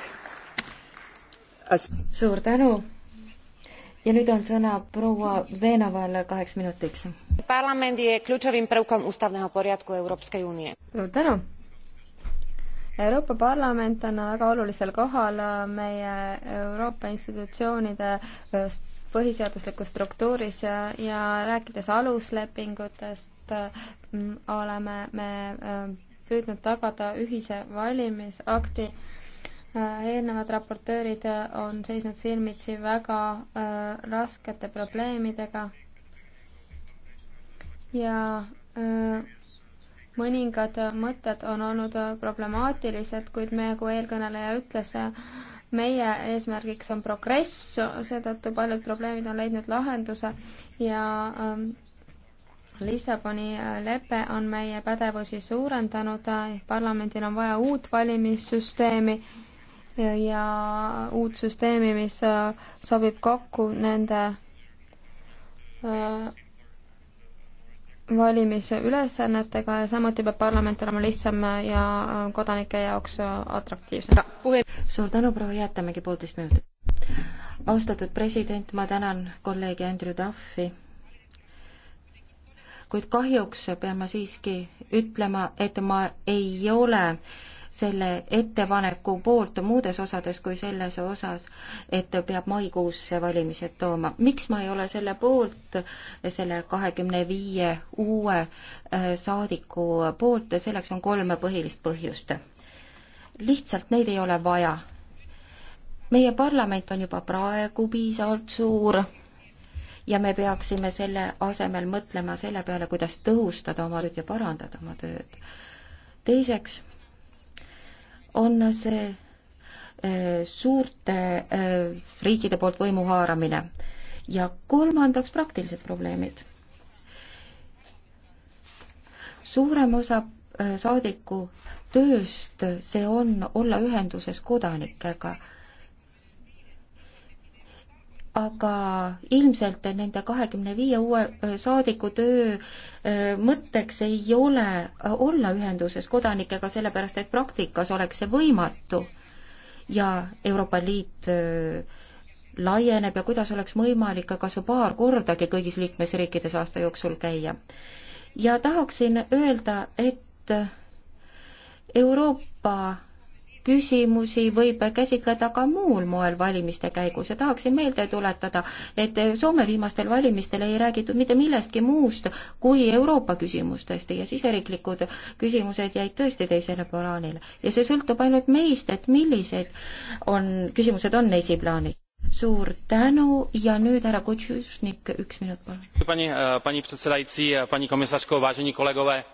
Als... suur tänu ja nüüd on sõna proua Veenovale kaheks minutiks. parlament je kľúčovým prvkom ústavného poriadku Európskej únie. suur tänu. Euroopa Parlament on väga olulisel kohal meie Euroopa institutsioonide põhiseaduslikus struktuuris ja, ja rääkides aluslepingutest, mm, oleme me püüdnud tagada ühise valimisakti. Äh, eelnevad raportöörid äh, on seisnud silmitsi väga äh, raskete probleemidega ja mõningad mõtted on olnud problemaatilised, kuid me, kui eelkõneleja ütles, meie eesmärgiks on progress, seetõttu paljud probleemid on leidnud lahenduse ja ähm, Lissaboni äh, lepe on meie pädevusi suurendanud, äh, parlamendil on vaja uut valimissüsteemi ja uut süsteemi, mis äh, sobib kokku nende valimisülesannetega ja samuti peab parlament olema lihtsam ja kodanike jaoks atraktiivsem. suur tänu, proua Jäätamägi, poolteist minutit. austatud president, ma tänan kolleeg Andrew Duffi kuid kahjuks pean ma siiski ütlema, et ma ei ole selle ettepaneku poolt muudes osades kui selles osas, et peab maikuusse valimised tooma. miks ma ei ole selle poolt, selle kahekümne viie uue äh, saadiku poolt, selleks on kolm põhilist põhjust. lihtsalt neid ei ole vaja. meie parlament on juba praegu piisavalt suur ja me peaksime selle asemel mõtlema selle peale, kuidas tõhustada oma tööd ja parandada oma tööd. teiseks on see äh, suurte äh, riikide poolt võimu haaramine ja kolmandaks praktilised probleemid. suurem osa äh, saadiku tööst, see on olla ühenduses kodanikega aga ilmselt nende kahekümne viie uue äh, saadiku töö äh, mõtteks ei ole äh, olla ühenduses kodanikega, sellepärast et praktikas oleks see võimatu. ja Euroopa Liit laieneb ja kuidas oleks võimalik ka kas või paar kordagi kõigis liikmesriikides aasta jooksul käia. ja tahaksin öelda, et Euroopa küsimusi võib käsitleda ka muul moel valimiste käigus ja tahaksin meelde tuletada, et Soome viimastel valimistel ei räägitud mitte millestki muust kui Euroopa küsimustest ja siseriiklikud küsimused jäid tõesti teisele plaanile. ja see sõltub ainult meist, et millised on, küsimused on esiplaanil suur tänu ja nüüd härra Kutšusnik, üks minut palun. paní, paní předsedající, paní komisařko, vážení kolegové,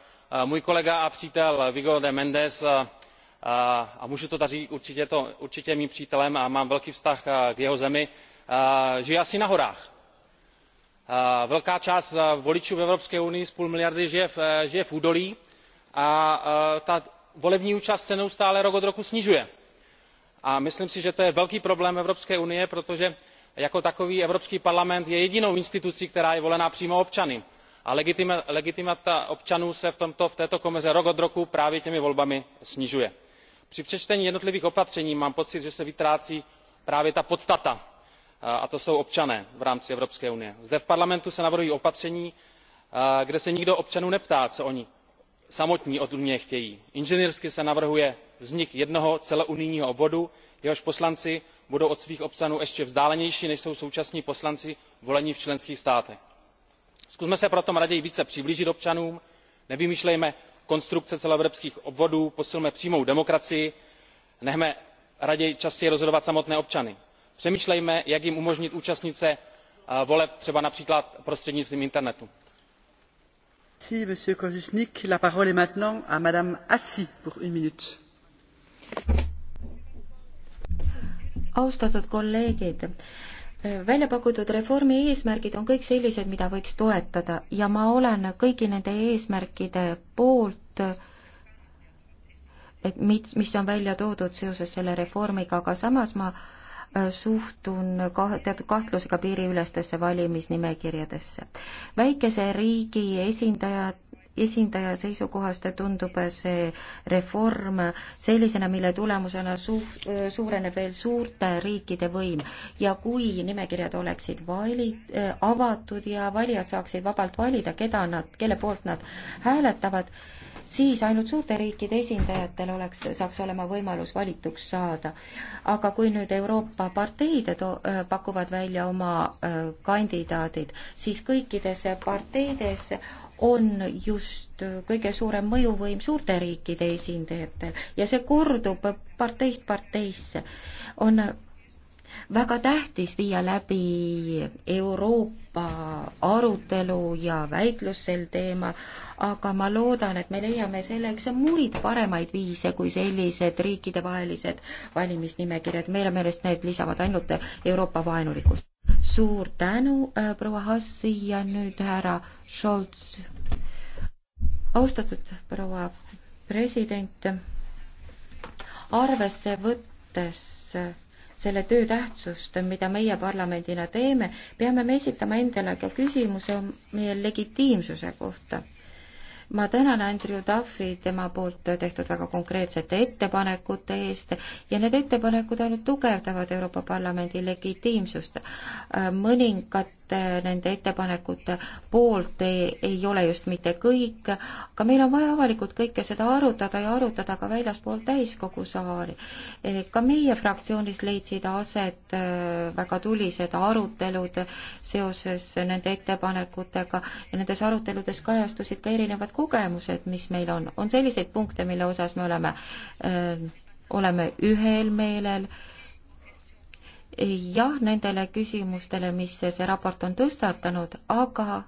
můj kolega a přítel Vigo de Mendes a můžu to tak říct určitě je mým přítelem a mám velký vztah k jeho zemi žije asi na horách. velká část voličů v evropské unii půl miliardy žije v e, údolí a ta volební účast se neustále rok od roku snižuje. a myslím si že to je velký problém evropské unie protože jako takový evropský parlament je jedinou institucí která je volena přímo občany a legitimita občanů se v této komoře rok od roku právě těmi volbami snižuje při přečtení jednotlivých opatření mám pocit že se vytrácí právě ta podstata a to jsou občané v rámci evropské unie. zde v parlamentu se navrhují opatření kde se nikdo občanů neptá co oni samotní od unie chtějí. inženýrsky se navrhuje vznik jednoho celounijního obvodu jehož poslanci budou od svých občanů ještě vzdálenější než jsou současní poslanci volení v členských státech. zkusme se proto raději více přiblížit občanům nevymýšlejme konstrukce celoevropských obvodů posilme přímou demokracii nechme raději častěji rozhodovat samotné občany. přemýšlejme jak jim umožnit účastnit se voleb třeba například prostřednictvím internetu. austatud kolleegid välja pakutud reformi eesmärgid on kõik sellised, mida võiks toetada ja ma olen kõigi nende eesmärkide poolt, et mis, mis on välja toodud seoses selle reformiga, aga samas ma äh, suhtun ka teatud kahtlusega piiriülestesse valimisnimekirjadesse. väikese riigi esindajad esindaja seisukohast tundub see reform sellisena, mille tulemusena suh-, suureneb veel suurte riikide võim. ja kui nimekirjad oleksid vali-, avatud ja valijad saaksid vabalt valida, keda nad, kelle poolt nad hääletavad, siis ainult suurte riikide esindajatel oleks, saaks olema võimalus valituks saada. aga kui nüüd Euroopa parteid äh, pakuvad välja oma äh, kandidaadid, siis kõikides parteides on just kõige suurem mõjuvõim suurte riikide esindajatel ja see kordub parteist parteisse. on väga tähtis viia läbi Euroopa arutelu ja väitlus sel teemal, aga ma loodan, et me leiame selleks muid paremaid viise kui sellised riikidevahelised valimisnimekirjad, meie meelest need lisavad ainult Euroopa vaenulikkust. suur tänu äh,, proua Hassi ja nüüd härra Scholz. austatud proua president, arvesse võttes selle töö tähtsust, mida meie parlamendina teeme, peame me esitama endale ka küsimuse meie legitiimsuse kohta. ma tänan Andrew Duffy tema poolt tehtud väga konkreetsete ettepanekute eest ja need ettepanekud ainult tugevdavad Euroopa Parlamendi legitiimsust. mõningad et äh, nende ettepanekute poolt ei, ei ole just mitte kõik, aga meil on vaja avalikult kõike seda arutada ja arutada ka väljaspool täiskogu saali. Äh, ka meie fraktsioonis leidsid aset äh, väga tulised arutelud seoses nende ettepanekutega ja nendes aruteludes kajastusid ka erinevad kogemused, mis meil on. on selliseid punkte, mille osas me oleme, oleme ühel meelel jah nendele küsimustele, mis see raport on tõstatanud, aga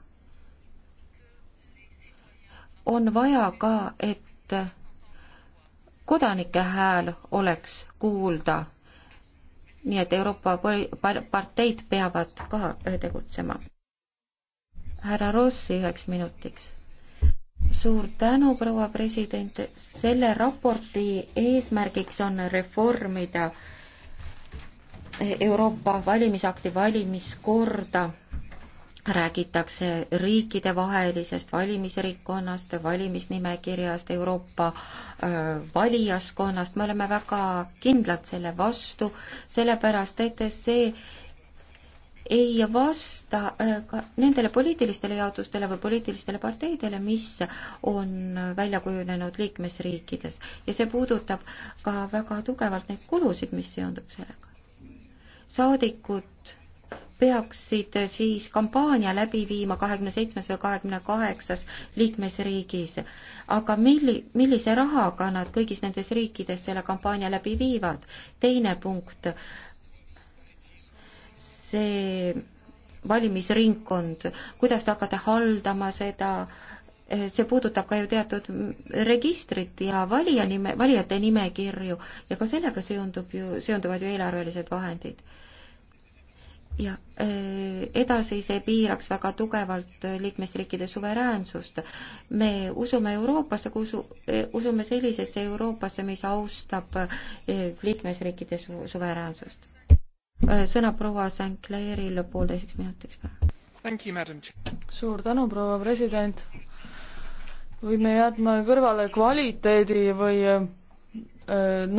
on vaja ka, et kodanike hääl oleks kuulda. nii et Euroopa parteid peavad ka tegutsema. härra Rossi üheks minutiks suur tänu, proua president. selle raporti eesmärgiks on reformida Euroopa valimisakti valimiskorda räägitakse riikidevahelisest valimisringkonnast, valimisnimekirjast, Euroopa äh, valijaskonnast, me oleme väga kindlad selle vastu, sellepärast et see ei vasta äh, ka nendele poliitilistele jaotustele või poliitilistele parteidele, mis on välja kujunenud liikmesriikides. ja see puudutab ka väga tugevalt neid kulusid, mis seondub sellega saadikud peaksid siis kampaania läbi viima kahekümne seitsmes või kahekümne kaheksas liikmesriigis. aga milli, millise rahaga nad kõigis nendes riikides selle kampaania läbi viivad? teine punkt, see valimisringkond, kuidas te hakkate haldama seda äh, Eh, see puudutab ka ju teatud registrit ja valija nime, valijate nimekirju ja ka sellega seondub ju, seonduvad ju eelarvelised vahendid. ja eh, edasi see piiraks väga tugevalt liikmesriikide suveräänsust. me usume Euroopasse, usu, eh, usume sellisesse Euroopasse, mis austab liikmesriikide su-, suveräänsust. sõna proua St Clairil poolteiseks minutiks. suur tänu, proua president võime jätma kõrvale kvaliteedi või äh,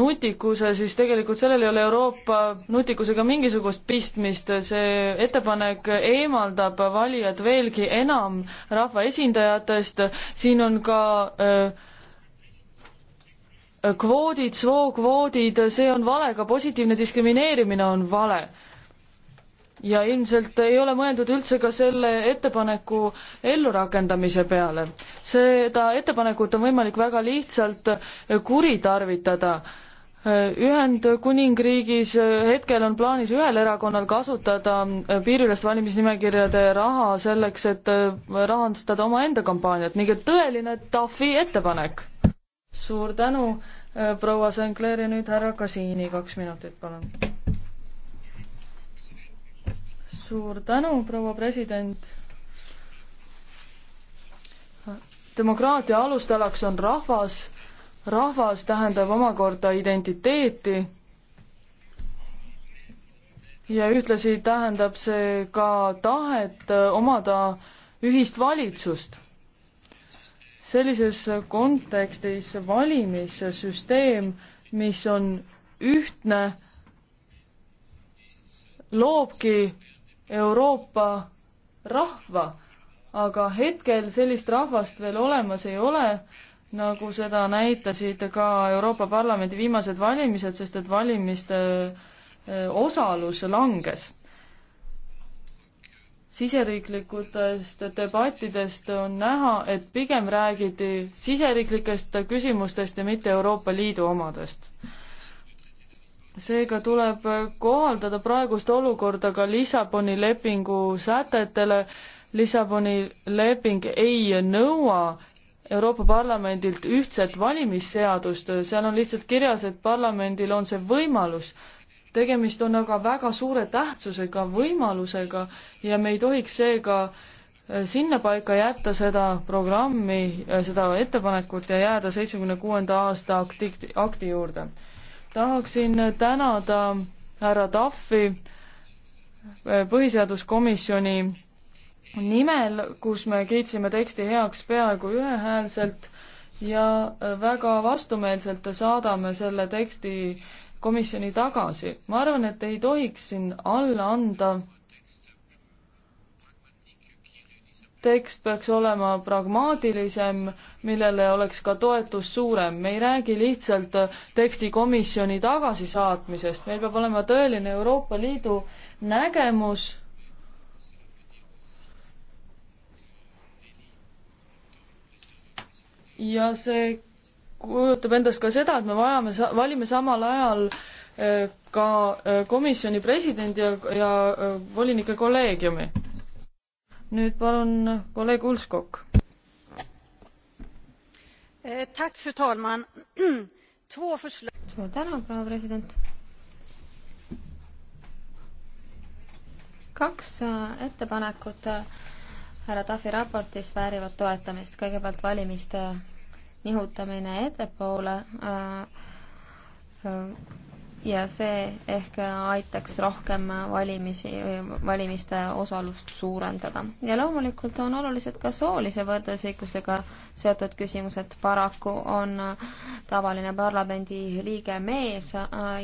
nutikuse, siis tegelikult sellel ei ole Euroopa nutikusega mingisugust pistmist, see ettepanek eemaldab valijad veelgi enam rahvaesindajatest, siin on ka äh, kvoodid, sookvoodid, see on vale, ka positiivne diskrimineerimine on vale ja ilmselt ei ole mõeldud üldse ka selle ettepaneku ellurakendamise peale. seda ettepanekut on võimalik väga lihtsalt kuritarvitada. Ühendkuningriigis hetkel on plaanis ühel erakonnal kasutada piiriülest valimisnimekirjade raha selleks, et rahastada omaenda kampaaniat, nii et tõeline Tafi ettepanek. suur tänu, proua Sinclair ja nüüd härra Kasiini, kaks minutit, palun suur tänu, proua president. demokraatia alustalaks on rahvas, rahvas tähendab omakorda identiteeti ja ühtlasi tähendab see ka tahet omada ühist valitsust. sellises kontekstis valimissüsteem, mis on ühtne, loobki Euroopa rahva, aga hetkel sellist rahvast veel olemas ei ole, nagu seda näitasid ka Euroopa Parlamendi viimased valimised, sest et valimiste eh, osalus langes. siseriiklikutest debattidest on näha, et pigem räägiti siseriiklikest küsimustest ja mitte Euroopa Liidu omadest seega tuleb kohaldada praegust olukorda ka Lissaboni lepingu sätetele. Lissaboni leping ei nõua Euroopa Parlamendilt ühtset valimisseadust, seal on lihtsalt kirjas, et parlamendil on see võimalus. tegemist on aga väga suure tähtsusega võimalusega ja me ei tohiks seega äh, sinnapaika jätta seda programmi, äh, seda ettepanekut ja jääda seitsmekümne kuuenda aasta akti, akti juurde tahaksin tänada härra Tahvi eh, põhiseaduskomisjoni nimel, kus me kiitsime teksti heaks peaaegu ühehäälselt ja eh, väga vastumeelselt saadame selle teksti komisjoni tagasi. ma arvan, et ei tohiks siin alla anda. tekst peaks olema pragmaatilisem millele oleks ka toetus suurem. me ei räägi lihtsalt teksti komisjoni tagasisaatmisest, meil peab olema tõeline Euroopa Liidu nägemus ja see kujutab endast ka seda, et me vajame, valime samal ajal äh, ka äh, komisjoni presidendi ja, ja äh, volinike kolleegiumi. nüüd palun kolleeg Ulskok suur tänu, proua president. kaks eh, ettepanekut eh, härra Tafi raportis väärivad toetamist. kõigepealt valimiste nihutamine ettepoole äh, eh, äh, ja see ehk aitaks rohkem valimisi, valimiste osalust suurendada. ja loomulikult on olulised ka soolise võrdõiguslikkusega seotud küsimused. paraku on tavaline parlamendiliige mees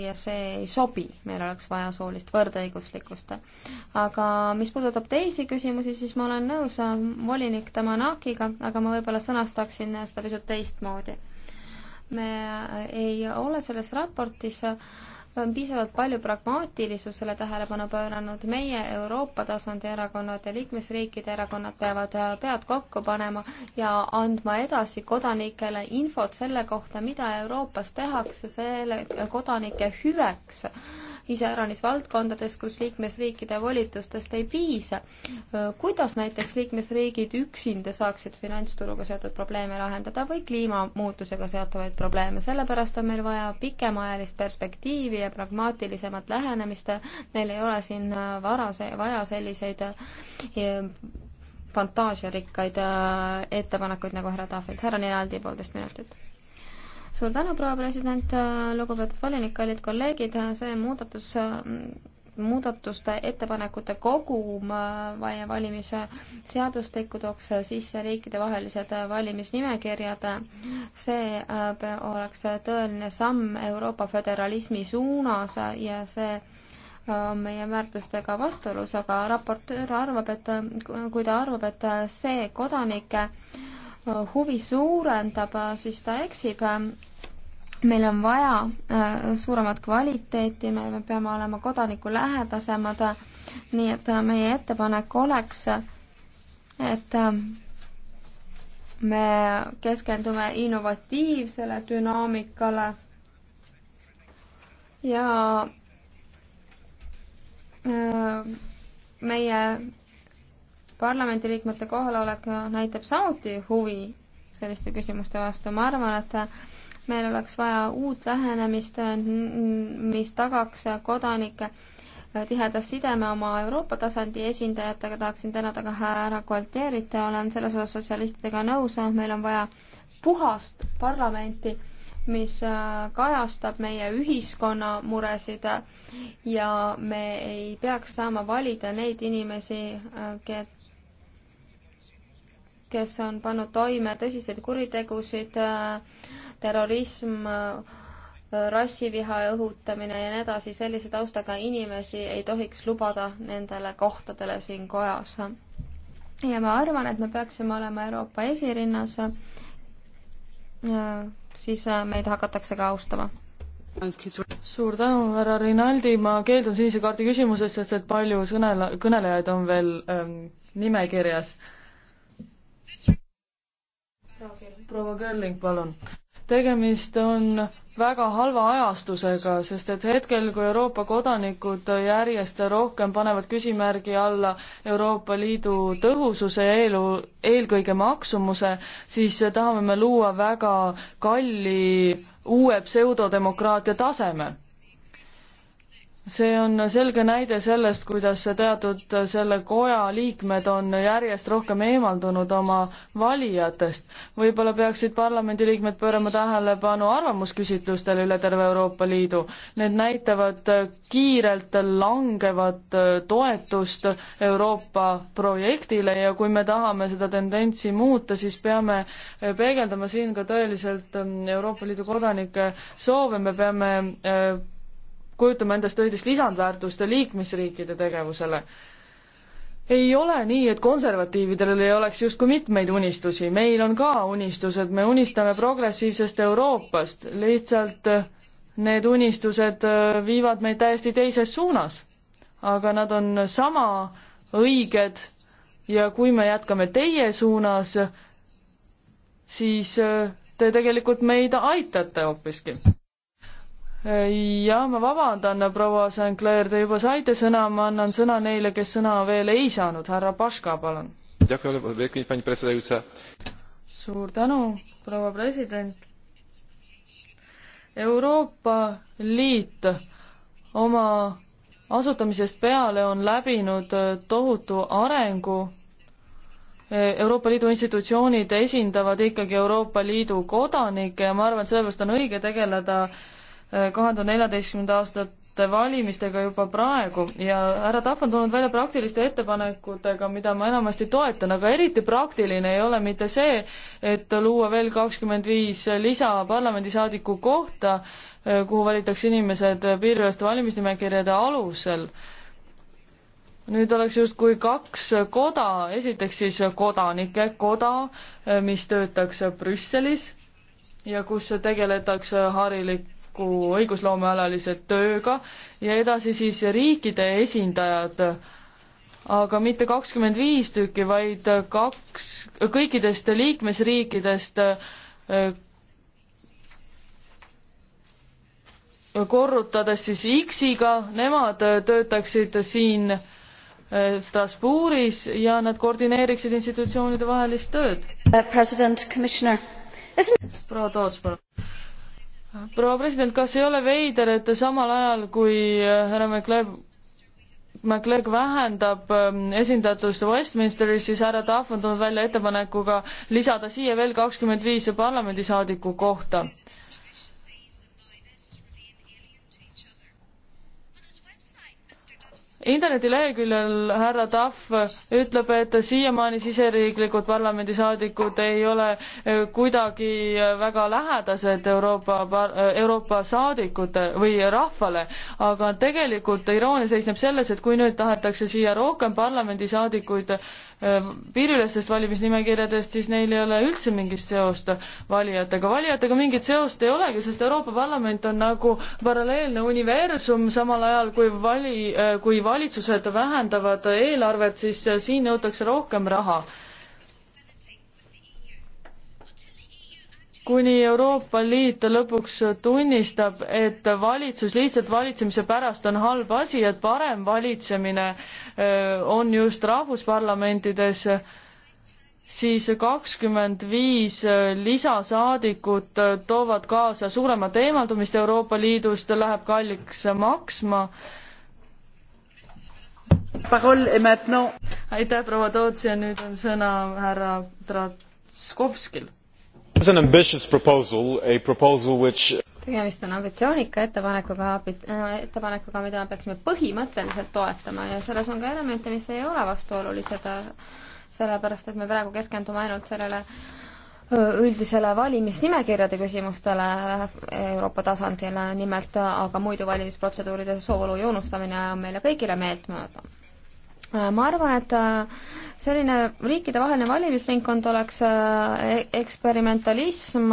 ja see ei sobi, meil oleks vaja soolist võrdõiguslikkust. aga mis puudutab teisi küsimusi, siis ma olen nõus volinik Tamanakiga, aga ma võib-olla sõnastaksin seda pisut teistmoodi me ei ole selles raportis on piisavalt palju pragmaatilisusele tähelepanu pööranud. meie Euroopa tasandi erakonnad ja liikmesriikide erakonnad peavad pead kokku panema ja andma edasi kodanikele infot selle kohta, mida Euroopas tehakse selle kodanike hüveks iseäranis valdkondades, kus liikmesriikide volitustest ei piisa. kuidas näiteks liikmesriigid üksinda saaksid finantsturuga seotud probleeme lahendada või kliimamuutusega seotuvaid probleeme, sellepärast on meil vaja pikemaajalist perspektiivi ja pragmaatilisemat lähenemist, meil ei ole siin vara, vaja selliseid eh, fantaasiarikkaid eh, ettepanekuid nagu härra Tahvelt, härra Nealdi poolteist minutit suur tänu, proua president, lugupeetud volinik, kallid kolleegid, see muudatus muudatuste ettepanekute kogum valimise seadustikku tooks sisse riikidevahelised valimisnimekirjad. see äh, oleks tõeline samm Euroopa föderalismi suunas ja see äh, on meie väärtustega vastuolus, aga raportöör arvab, et kui ta arvab, et see kodanike äh, huvi suurendab, siis ta eksib. meil on vaja äh, suuremat kvaliteeti, me peame olema kodaniku lähedasemad, nii et äh, meie ettepanek oleks, et äh, me keskendume innovatiivsele dünaamikale ja meie parlamendiliikmete kohalolek näitab samuti huvi selliste küsimuste vastu, ma arvan, et meil oleks vaja uut lähenemist, mis tagaks kodanike tiheda sideme oma Euroopa tasandi esindajatega, tahaksin tänada ka härra Gualtierit ja olen selles osas sotsialistidega nõus, meil on vaja puhast parlamenti, mis kajastab meie ühiskonna muresid ja me ei peaks saama valida neid inimesi, kes on pannud toime tõsiseid kuritegusid, terrorism, rassiviha õhutamine ja nii edasi, sellise taustaga inimesi ei tohiks lubada nendele kohtadele siin kojas. ja ma arvan, et me peaksime olema Euroopa esirinnas, siis meid hakatakse ka austama suur tänu, härra Rinaldi, ma keeldun sinise kaardi küsimusest, sest et palju kõnele, kõnelejaid on veel ähm, nimekirjas proua Gerling, palun. tegemist on väga halva ajastusega, sest et hetkel, kui Euroopa kodanikud järjest rohkem panevad küsimärgi alla Euroopa Liidu tõhususe ja eelu, eelkõige maksumuse, siis tahame me luua väga kalli uue pseudodemokraatia taseme see on selge näide sellest, kuidas teatud selle koja liikmed on järjest rohkem eemaldunud oma valijatest. võib-olla peaksid parlamendiliikmed pöörama tähelepanu arvamusküsitlustele üle terve Euroopa Liidu. Need näitavad kiirelt langevat toetust Euroopa projektile ja kui me tahame seda tendentsi muuta, siis peame peegeldama siin ka tõeliselt Euroopa Liidu kodanike soove, me peame kujutama endast õigest lisandväärtust liikmesriikide tegevusele. ei ole nii, et konservatiividel ei oleks justkui mitmeid unistusi, meil on ka unistused, me unistame progressiivsest Euroopast, lihtsalt äh, need unistused äh, viivad meid täiesti teises suunas. aga nad on sama õiged ja kui me jätkame teie suunas, siis äh, te tegelikult meid aitate hoopiski jah, ma vabandan, proua St Clair, te juba saite sõna, ma annan sõna neile, kes sõna veel ei saanud. härra Paška, palun. suur tänu, proua president. Euroopa Liit oma asutamisest peale on läbinud tohutu arengu. Euroopa Liidu institutsioonid esindavad ikkagi Euroopa Liidu kodanikke ja ma arvan, et sellepärast on õige tegeleda äh, kahe tuhande neljateistkümnenda aastate valimistega juba praegu ja härra Tahv on tulnud välja praktiliste ettepanekutega, mida ma enamasti toetan, aga eriti praktiline ei ole mitte see, et luua veel kakskümmend viis lisa parlamendisaadiku kohta, kuhu valitakse inimesed piiriüleste valimisnimekirjade alusel nüüd oleks justkui kaks koda, esiteks siis kodanike koda, mis töötaks Brüsselis ja kus tegeletakse harilik, kokku nagu õigusloomealalise tööga ja edasi siis riikide esindajad, aga mitte kakskümmend viis tükki, vaid kaks, kõikidest liikmesriikidest äh, korrutades siis X-iga, nemad töötaksid siin äh, Strasbourgis ja nad koordineeriksid institutsioonide vahelist tööd. proua Toots, palun proua president, kas ei ole veider, et samal ajal, kui äh, härra McLeod McClurg vähendab ähm, esindatust Westminsteris, siis härra Tahv on tulnud välja ettepanekuga lisada siia veel kakskümmend viis parlamendisaadiku kohta. internetileheküljel härra Tahv ütleb, et siiamaani siseriiklikud parlamendisaadikud ei ole eh, kuidagi eh, väga lähedased Euroopa, eh, Euroopa saadikute või rahvale, aga tegelikult iroonia seisneb selles, et kui nüüd tahetakse siia rohkem parlamendisaadikuid Äh, piiriülestest valimisnimekirjadest, siis neil ei ole üldse mingit seost valijatega. valijatega mingit seost ei olegi, sest Euroopa Parlament on nagu paralleelne universum, samal ajal kui vali, äh, kui valitsused vähendavad eelarvet, siis äh, siin nõutakse rohkem raha kuni Euroopa Liit lõpuks tunnistab, et valitsus lihtsalt valitsemise pärast on halb asi, et parem valitsemine on just rahvusparlamentides, siis kakskümmend viis lisasaadikut toovad kaasa suuremat eemaldumist Euroopa Liidust, läheb kalliks maksma aitäh, proua Toots ja nüüd on sõna härra Tratskovskil. Which... tegemist on ambitsioonika ettepanekuga, äh, ettepanekuga, mida peaksime põhimõtteliselt toetama ja selles on ka elemente, mis ei ole vastuolulised, sellepärast et me praegu keskendume ainult sellele äh, üldisele valimisnimekirjade küsimustele Euroopa tasandil nimelt, aga muidu valimisprotseduuride soolu joonustamine on meile kõigile meeltmööda Äh, ma arvan, et äh, selline riikidevaheline valimisringkond oleks äh, e-, eksperimentalism,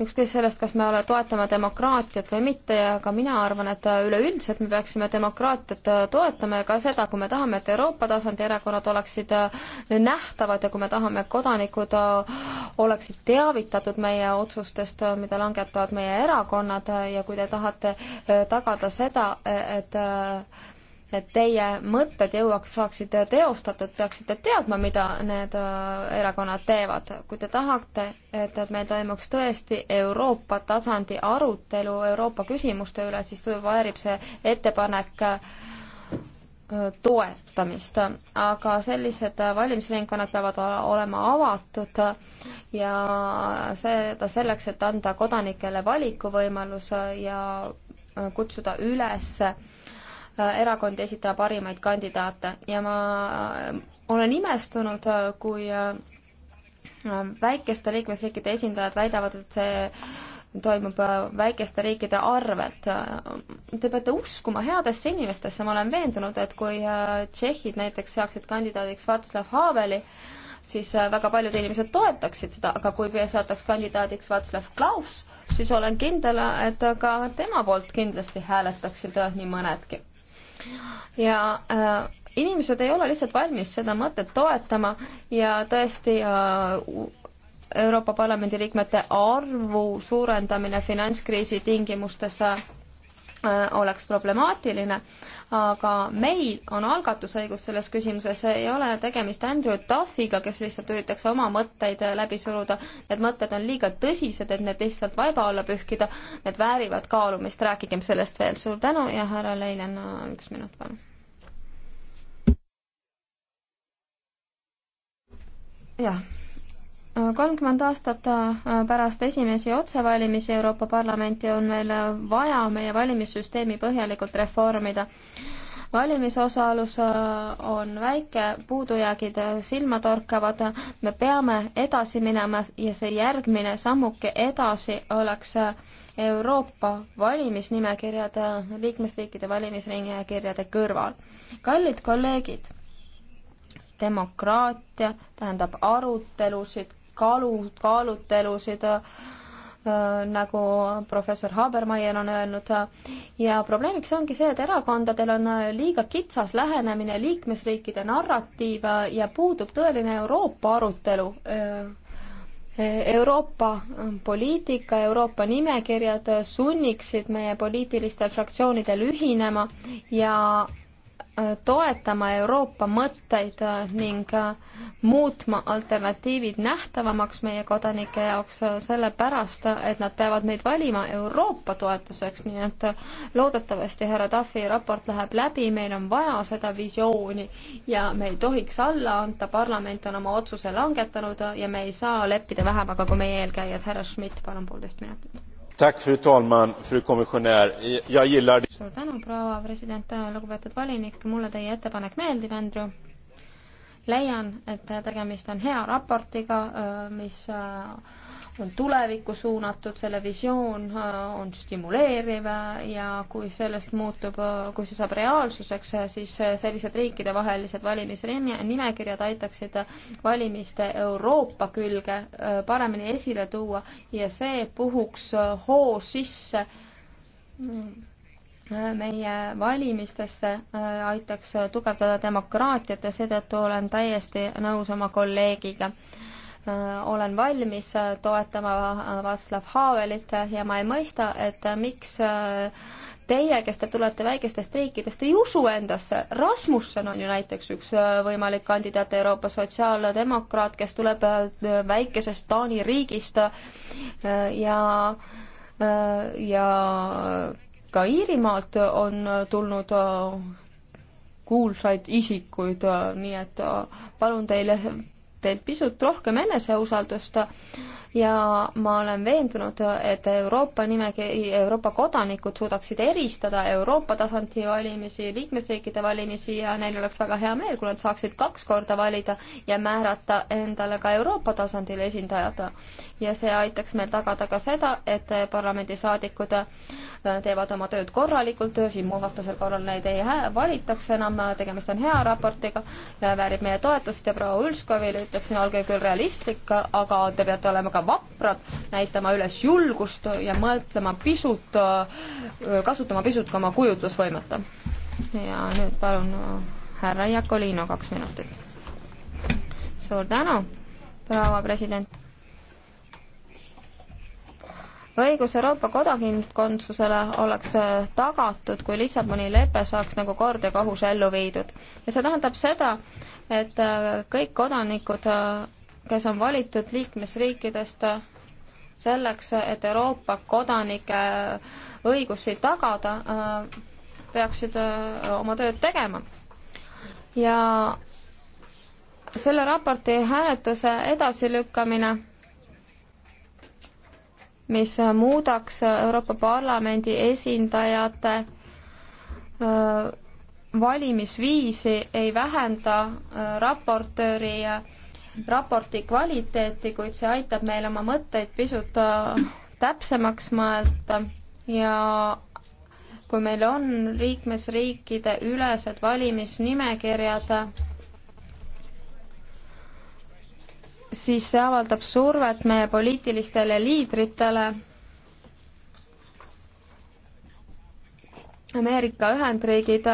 ükskõik sellest, kas me ole, toetame demokraatiat või mitte ja ka mina arvan, et üleüldiselt me peaksime demokraatiat toetama ja ka seda, kui me tahame, et Euroopa tasandi erakonnad oleksid nähtavad ja kui me tahame, et kodanikud oleksid teavitatud meie otsustest, mida langetavad meie erakonnad ja kui te tahate tagada seda, et et teie mõtted jõuaks, saaksid teostatud, peaksite teadma, mida need äh, erakonnad teevad. kui te tahate, et, et meil toimuks tõesti Euroopa tasandi arutelu Euroopa küsimuste üle, siis väärib see ettepanek äh, toetamist, aga sellised valimisringkonnad peavad olema avatud ja seda selleks, et anda kodanikele valikuvõimalus ja äh, kutsuda üles erakond esitab parimaid kandidaate ja ma äh, olen imestunud, äh, kui äh, väikeste liikmesriikide esindajad väidavad, et see toimub väikeste riikide arvelt. Te peate uskuma headesse inimestesse, ma olen veendunud, et kui tšehhid näiteks seaksid kandidaadiks Václav Haveli, siis väga paljud inimesed toetaksid seda, aga kui saataks kandidaadiks Václav Klaus, siis olen kindel, et ka tema poolt kindlasti hääletaksid nii mõnedki ja äh, inimesed ei ole lihtsalt valmis seda mõtet toetama ja tõesti äh, Euroopa Parlamendi liikmete arvu suurendamine finantskriisi tingimustes äh, oleks problemaatiline, aga meil on algatusõigus selles küsimuses, ei ole tegemist Andrew Duffiga, kes lihtsalt üritaks oma mõtteid äh, läbi suruda. Need mõtted on liiga tõsised, et need lihtsalt vaiba alla pühkida. Need väärivad kaalumist, rääkigem sellest veel. suur tänu ja härra Leilen, äh, üks minut, palun. jah kolmkümmend aastat äh, pärast esimesi otsevalimisi Euroopa Parlamenti on meil vaja meie valimissüsteemi põhjalikult reformida. valimisosalus äh, on väike, puudujäägid silmatorkavad, me peame edasi minema ja see järgmine sammuke edasi oleks äh, Euroopa valimisnimekirjad liikmesriikide valimisnimekirjade kõrval. kallid kolleegid demokraatia tähendab arutelusid, kaalu, kaalutelusid äh, nagu professor Habermaier on öelnud. ja probleemiks ongi see, et erakondadel on liiga kitsas lähenemine, liikmesriikide narratiiv ja puudub tõeline Euroopa arutelu. Äh, Euroopa poliitika, Euroopa nimekirjad sunniksid meie poliitilistel fraktsioonidel ühinema ja Äh, toetama Euroopa mõtteid äh, ning äh, muutma alternatiivid nähtavamaks meie kodanike jaoks, sellepärast et nad peavad meid valima Euroopa toetuseks, nii et loodetavasti härra Tafi raport läheb läbi, meil on vaja seda visiooni ja me ei tohiks alla anda, parlament on oma otsuse langetanud ja me ei saa leppida vähemaga kui meie eelkäijad, härra Schmidt, palun poolteist minutit fru talman, fru kommissionär. Jag gillar... suur tänu, proua president, lugupeetud volinik, mulle teie ettepanek meeldib, Andrew. leian, et tegemist on hea raportiga, mis on tulevikku suunatud, selle visioon äh, on stimuleeriv äh, ja kui sellest muutub, äh, kui see saab reaalsuseks, siis sellised riikidevahelised valimisnimekirjad aitaksid valimiste Euroopa külge paremini esile tuua ja see puhuks hoo sisse meie valimistesse aitaks tugevdada demokraatiat ja seetõttu olen täiesti nõus oma kolleegiga Äh, olen valmis äh, toetama äh, Václav Havelit ja ma ei mõista, et miks teie, kes te tulete väikestest riikidest, ei usu endasse. Rasmussen on ju näiteks üks võimalik kandidaat Euroopa sotsiaaldemokraat, kes tuleb väikesest Taani riigist ja, ja ka Iirimaalt on tulnud kuulsaid isikuid, nii et palun teile teilt pisut rohkem eneseusaldust ja ma olen veendunud, et Euroopa nimekiri, Euroopa kodanikud suudaksid eristada Euroopa tasandi valimisi, liikmesriikide valimisi ja neil oleks väga hea meel, kui nad saaksid kaks korda valida ja määrata endale ka Euroopa tasandil esindajad. ja see aitaks meil tagada ka seda, et parlamendisaadikud teevad oma tööd korralikult, siin vastasel korral neid ei valitaks enam, tegemist on hea raportiga, väärib meie toetust ja proua Ulskovile ütleksin, olge küll realistlik, aga te peate olema ka väga vaprad, näitama üles julgust ja mõtlema pisut, kasutama pisut ka oma kujutlusvõimet. ja nüüd palun härra Jakolino kaks minutit. suur tänu, proua president õigus Euroopa kodakondsusele oleks tagatud, kui Lissaboni lepe saaks nagu kord ja kohus ellu viidud. ja see tähendab seda, et kõik kodanikud kes on valitud liikmesriikidest selleks, et Euroopa kodanike õigusi tagada, peaksid äh, oma tööd tegema. ja selle raporti hääletuse edasilükkamine, mis muudaks Euroopa Parlamendi esindajate äh, valimisviisi, ei vähenda äh, raportööri raporti kvaliteeti, kuid see aitab meil oma mõtteid pisut äh, täpsemaks mõelda ja kui meil on liikmesriikide ülesed valimisnimekirjad, siis see avaldab survet meie poliitilistele liidritele. Ameerika Ühendriigid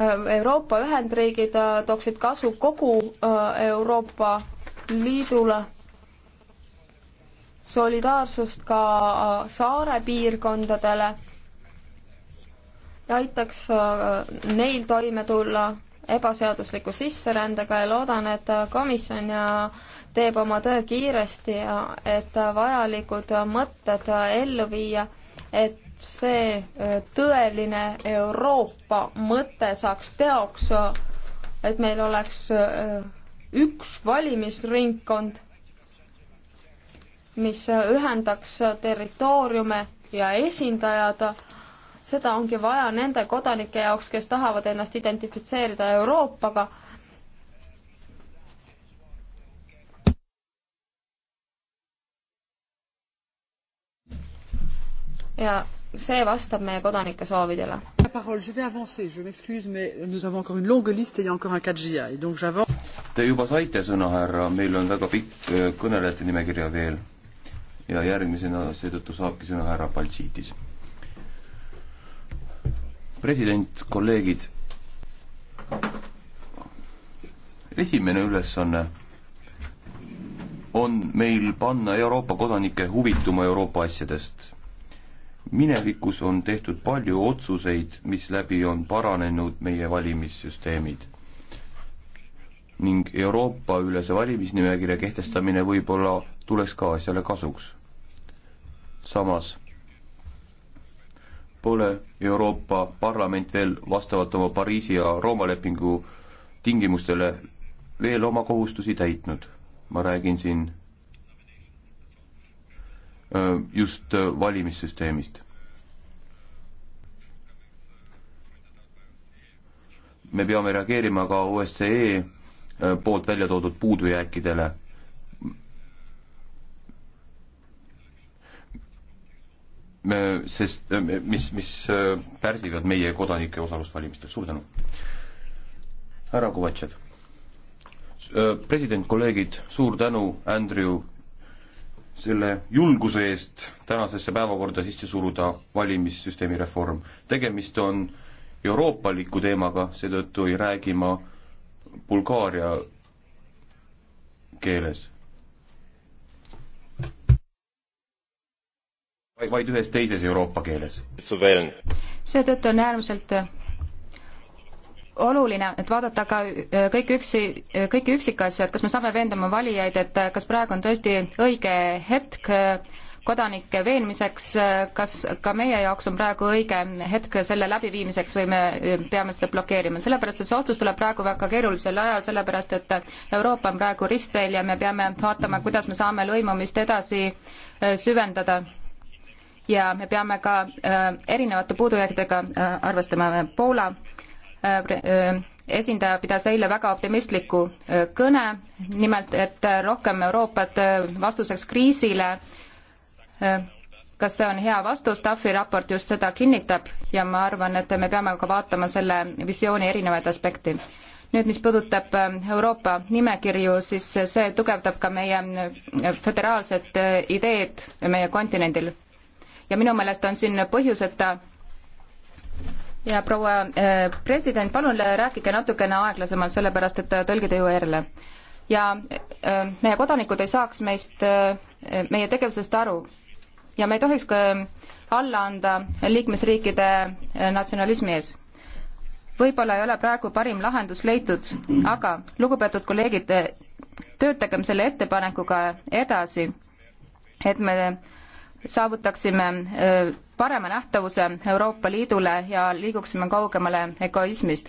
Äh, Euroopa Ühendriigid äh, tooksid kasu kogu äh, Euroopa Liidule, solidaarsust ka saare piirkondadele ja aitaks neil toime tulla ebaseadusliku sisserändega ja loodan, et komisjon ja teeb oma töö kiiresti ja et vajalikud mõtted ellu viia, et see äh, tõeline Euroopa mõte saaks teoks, äh, et meil oleks äh, üks valimisringkond, mis ühendaks territooriume ja esindajad, seda ongi vaja nende kodanike jaoks, kes tahavad ennast identifitseerida Euroopaga ja see vastab meie kodanike soovidele. Te juba saite sõna, härra, meil on väga pikk äh, kõnelejate nimekirja veel ja järgmisena seetõttu saabki sõna härra Baltšiitis. president, kolleegid, esimene ülesanne on meil panna Euroopa kodanikke huvituma Euroopa asjadest minevikus on tehtud palju otsuseid, mis läbi on paranenud meie valimissüsteemid. ning Euroopa-ülese valimisnimekirja kehtestamine võib-olla tuleks ka asjale kasuks. samas pole Euroopa Parlament veel vastavalt oma Pariisi ja Rooma lepingu tingimustele veel oma kohustusi täitnud. ma räägin siin Äh, just äh, valimissüsteemist. me peame reageerima ka OSCE äh, poolt välja toodud puudujääkidele. me, sest mis, mis pärsivad meie kodanike osalust valimistel, suur tänu. härra Kovatšev. president, kolleegid, suur tänu, Andrew selle julguse eest tänasesse päevakorda sisse suruda valimissüsteemi reform. tegemist on euroopaliku teemaga, seetõttu ei räägi ma Bulgaaria keeles. vaid ühes teises Euroopa keeles. seetõttu on äärmiselt oluline, et vaadata ka äh, kõiki üksi, kõiki üksikasju, et kas me saame veenda oma valijaid, et äh, kas praegu on tõesti õige hetk äh, kodanike veenmiseks, kas ka meie jaoks on praegu õige hetk selle läbiviimiseks või me peame seda blokeerima, sellepärast et see otsus tuleb praegu väga keerulisel ajal, sellepärast et Euroopa on praegu ristteel ja me peame vaatama, kuidas me saame lõimumist edasi süvendada ja me peame ka erinevate puudujääkidega arvestama, Poola Äh, äh, esindaja pidas eile väga optimistliku äh, kõne, nimelt et rohkem Euroopat vastuseks kriisile. kas see on hea vastus, TAFi raport just seda kinnitab ja ma arvan, et me peame ka vaatama selle visiooni erinevaid aspekte. nüüd, mis puudutab Euroopa nimekirju, siis see tugevdab ka meie föderaalset ideed meie kontinendil. ja minu meelest on siin põhjuseta ja proua äh, president, palun äh, rääkige natukene aeglasemalt, sellepärast et äh, tõlgid ei jõua järele. ja meie kodanikud ei saaks meist, meie tegevusest aru ja me ei tohiks ka alla anda liikmesriikide natsionalismi ees võib-olla ei ole praegu parim lahendus leitud, aga lugupeetud kolleegid, töötagem selle ettepanekuga edasi, et me saavutaksime äh, parema nähtavuse Euroopa Liidule ja liiguksime kaugemale egoismist.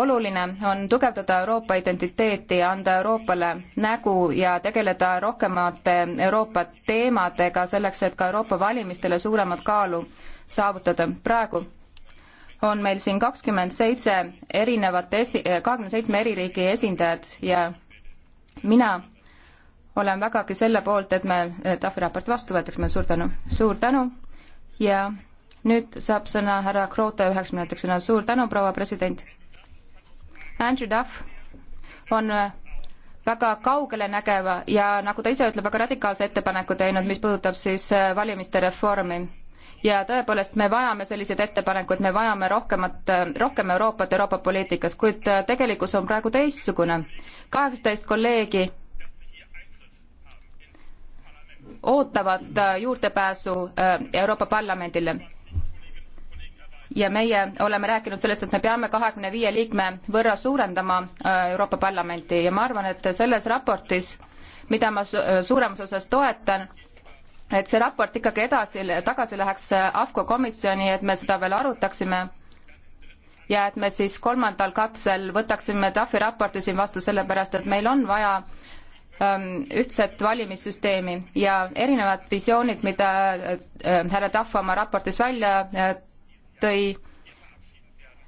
oluline on tugevdada Euroopa identiteeti ja anda Euroopale nägu ja tegeleda rohkemate Euroopa teemadega selleks, et ka Euroopa valimistele suuremat kaalu saavutada. praegu on meil siin kakskümmend seitse erinevat esi-, kahekümne seitsme eri riigi esindajad ja mina olen vägagi selle poolt, et me TAFi raport vastu võetaksime, suur tänu. suur tänu ja nüüd saab sõna härra Kroote üheks minutiks sõna, suur tänu, proua president. Andrew Duff on väga kaugelenägeva ja nagu ta ise ütleb, väga radikaalse ettepaneku teinud, mis puudutab siis äh, valimiste reformi. ja tõepoolest, me vajame selliseid ettepanekuid, me vajame rohkemat, äh, rohkem Euroopat Euroopa poliitikas, kuid äh, tegelikkus on praegu teistsugune. kaheksateist kolleegi ootavad äh, juurdepääsu äh, Euroopa Parlamendile. ja meie oleme rääkinud sellest, et me peame kahekümne viie liikme võrra suurendama äh, Euroopa Parlamenti ja ma arvan, et selles raportis, mida ma suuremas osas toetan, et see raport ikkagi edasi, tagasi läheks AFCO komisjoni, et me seda veel arutaksime ja et me siis kolmandal katsel võtaksime TAFi raporti siin vastu, sellepärast et meil on vaja äh, Ähm, ühtset valimissüsteemi ja erinevad visioonid, mida äh, härra Tahv oma raportis välja äh, tõi,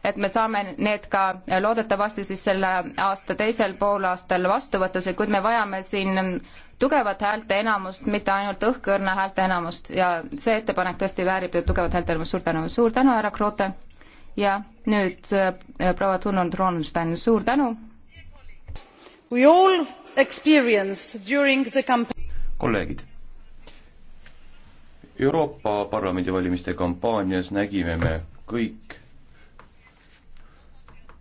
et me saame need ka loodetavasti siis selle aasta teisel poolaastal vastu võtta, kuid me vajame siin tugevat häälteenamust, mitte ainult õhkõrna häälteenamust ja see ettepanek tõesti väärib tugevat häälteenamust, suur tänu, suur tänu, härra Kroote. ja nüüd äh, proua Tunnel Ronstein, suur tänu. We all experienced during the campaign. kolleegid, Euroopa Parlamendi valimiste kampaanias nägime me kõik,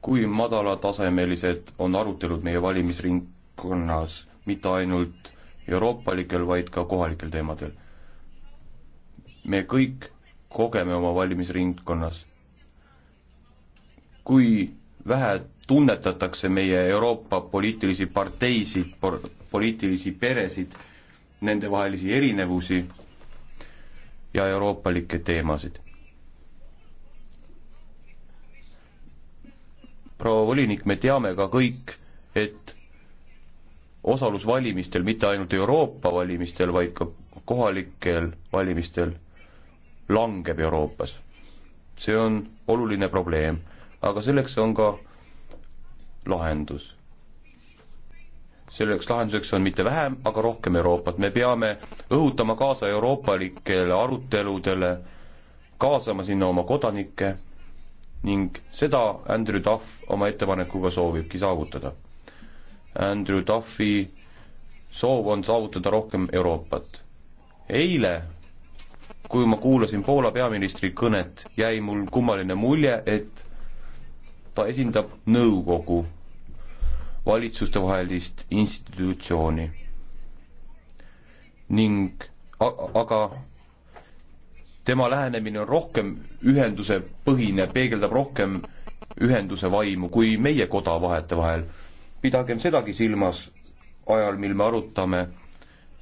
kui madalatasemelised on arutelud meie valimisringkonnas, mitte ainult euroopalikel, vaid ka kohalikel teemadel. me kõik kogeme oma valimisringkonnas, kui vähe tunnetatakse meie Euroopa poliitilisi parteisid, poliitilisi peresid, nendevahelisi erinevusi ja euroopalikke teemasid. proua volinik, me teame ka kõik, et osalus valimistel, mitte ainult Euroopa valimistel, vaid ka kohalikel valimistel, langeb Euroopas. see on oluline probleem, aga selleks on ka lahendus. selleks lahenduseks on mitte vähem, aga rohkem Euroopat, me peame õhutama kaasa euroopalikele aruteludele, kaasama sinna oma kodanikke ning seda Andrew Duff oma ettepanekuga soovibki saavutada. Andrew Duffi soov on saavutada rohkem Euroopat. eile, kui ma kuulasin Poola peaministri kõnet, jäi mul kummaline mulje, et ta esindab nõukogu, valitsustevahelist institutsiooni. ning aga tema lähenemine on rohkem ühenduse põhine, peegeldab rohkem ühenduse vaimu kui meie koda vahetevahel. pidagem sedagi silmas ajal, mil me arutame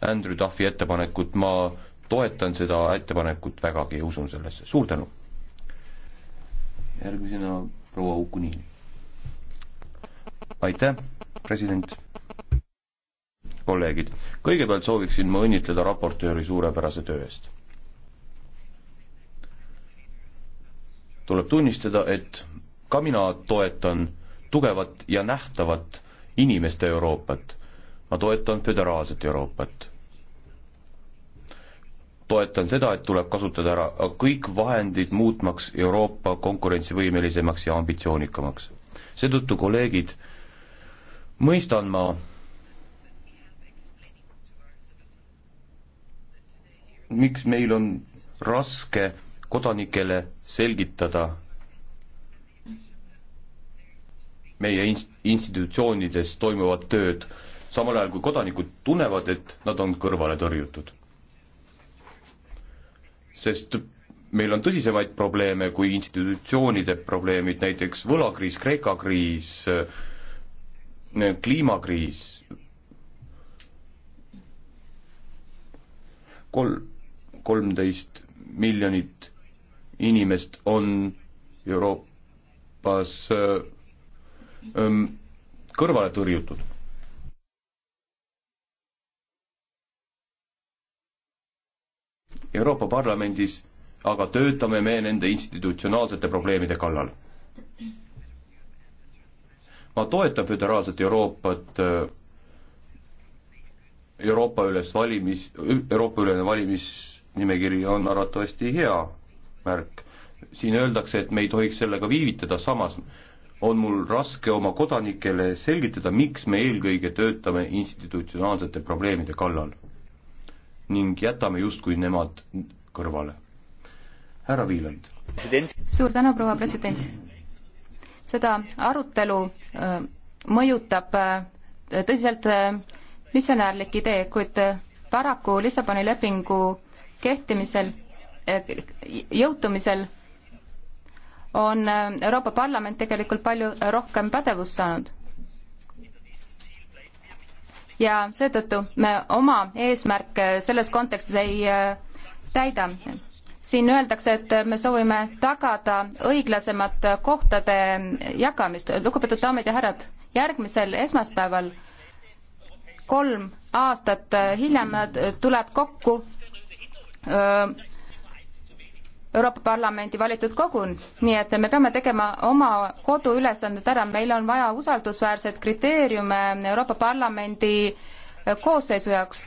Andrew Duffy ettepanekut, ma toetan seda ettepanekut vägagi ja usun sellesse, suur tänu! järgmisena proua Ukunini. aitäh, president. kolleegid, kõigepealt sooviksin ma õnnitleda raportööri suurepärase töö eest. tuleb tunnistada, et ka mina toetan tugevat ja nähtavat inimeste Euroopat. ma toetan föderaalset Euroopat toetan seda, et tuleb kasutada ära kõik vahendid, muutmaks Euroopa konkurentsivõimelisemaks ja ambitsioonikamaks. seetõttu, kolleegid, mõistan ma miks meil on raske kodanikele selgitada meie inst-, institutsioonides toimuvat tööd, samal ajal kui kodanikud tunnevad, et nad on kõrvale tõrjutud sest meil on tõsisemaid probleeme kui institutsioonide probleemid, näiteks võlakriis, Kreeka kriis, kliimakriis. kolm, kolmteist miljonit inimest on Euroopas öö, ähm, öö, kõrvale tõrjutud Euroopa Parlamendis aga töötame me nende institutsionaalsete probleemide kallal. ma toetan föderaalset Euroopat, äh, Euroopa üles valimis, Euroopa ülene valimisnimekiri on arvatavasti hea märk. siin öeldakse, et me ei tohiks sellega viivitada, samas on mul raske oma kodanikele selgitada, miks me eelkõige töötame institutsionaalsete probleemide kallal ning jätame justkui nemad kõrvale. härra Viiland. suur tänu, proua president. seda arutelu äh, mõjutab äh, tõsiselt äh, missionäärlik idee, kuid paraku Lissaboni lepingu kehtimisel, jõutumisel on Euroopa Parlament tegelikult palju rohkem pädevust saanud ja seetõttu me oma eesmärke selles kontekstis ei äh, täida siin öeldakse, et me soovime tagada õiglasemat kohtade jagamist. lugupeetud daamid ja härrad, järgmisel esmaspäeval kolm aastat äh, hiljem äh, tuleb kokku öö, Euroopa Parlamendi valitud kogu, nii et me peame tegema oma koduülesanded ära, meil on vaja usaldusväärseid kriteeriume Euroopa Parlamendi äh, koosseisu jaoks.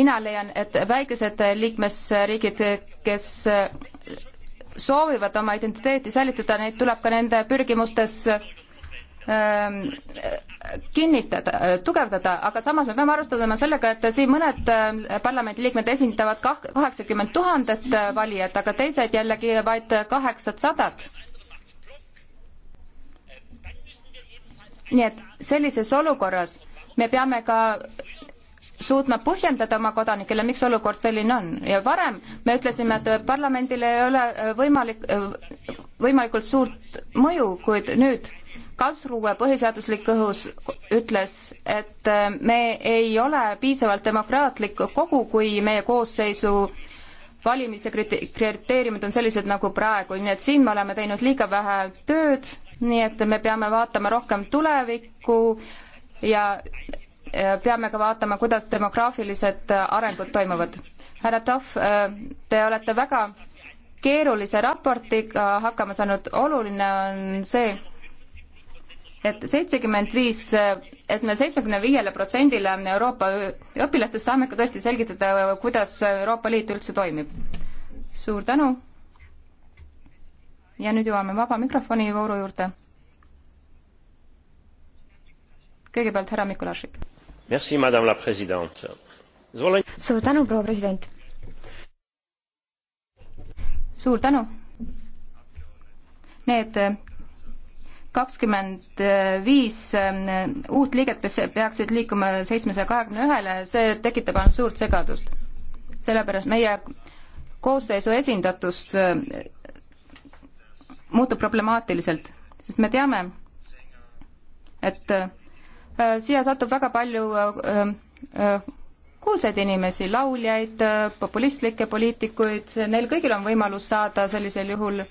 mina leian, et väikesed liikmesriigid, kes äh, soovivad oma identiteeti säilitada, neid tuleb ka nende pürgimustes Ähm, kinnitada, tugevdada, aga samas me peame arvestama sellega, et siin mõned äh, parlamendiliikmed esindavad kah-, kaheksakümmend tuhandet äh, valijat, aga teised jällegi vaid kaheksasadat. nii et sellises olukorras me peame ka suutma põhjendada oma kodanikele, miks olukord selline on ja varem me ütlesime, et parlamendil ei ole võimalik, võimalikult suurt mõju, kuid nüüd Kasruue põhiseaduslik õhus ütles, et äh, me ei ole piisavalt demokraatlik kogu, kui meie koosseisu valimise kriteeriumid on sellised nagu praegu, nii et siin me oleme teinud liiga vähe tööd, nii et me peame vaatama rohkem tulevikku ja äh, peame ka vaatama, kuidas demograafilised äh, arengud toimuvad. härra Tohv, te olete väga keerulise raportiga hakkama saanud, oluline on see, et seitsekümmend viis, et me seitsmekümne viiele protsendile Euroopa õpilastest saame ka tõesti selgitada, kuidas Euroopa Liit üldse toimib. suur tänu. ja nüüd jõuame vaba mikrofoni vooru juurde. kõigepealt härra Mikulašik. Merci, madame la president. suur tänu, proua president. suur tänu. Need kakskümmend viis ähm, uut liiget, kes peaksid liikuma seitsmesaja kahekümne ühele, see tekitab ainult suurt segadust. sellepärast meie koosseisu esindatus äh, muutub problemaatiliselt, sest me teame, et äh, siia satub väga palju äh, kuulsaid inimesi, lauljaid, populistlikke poliitikuid, neil kõigil on võimalus saada sellisel juhul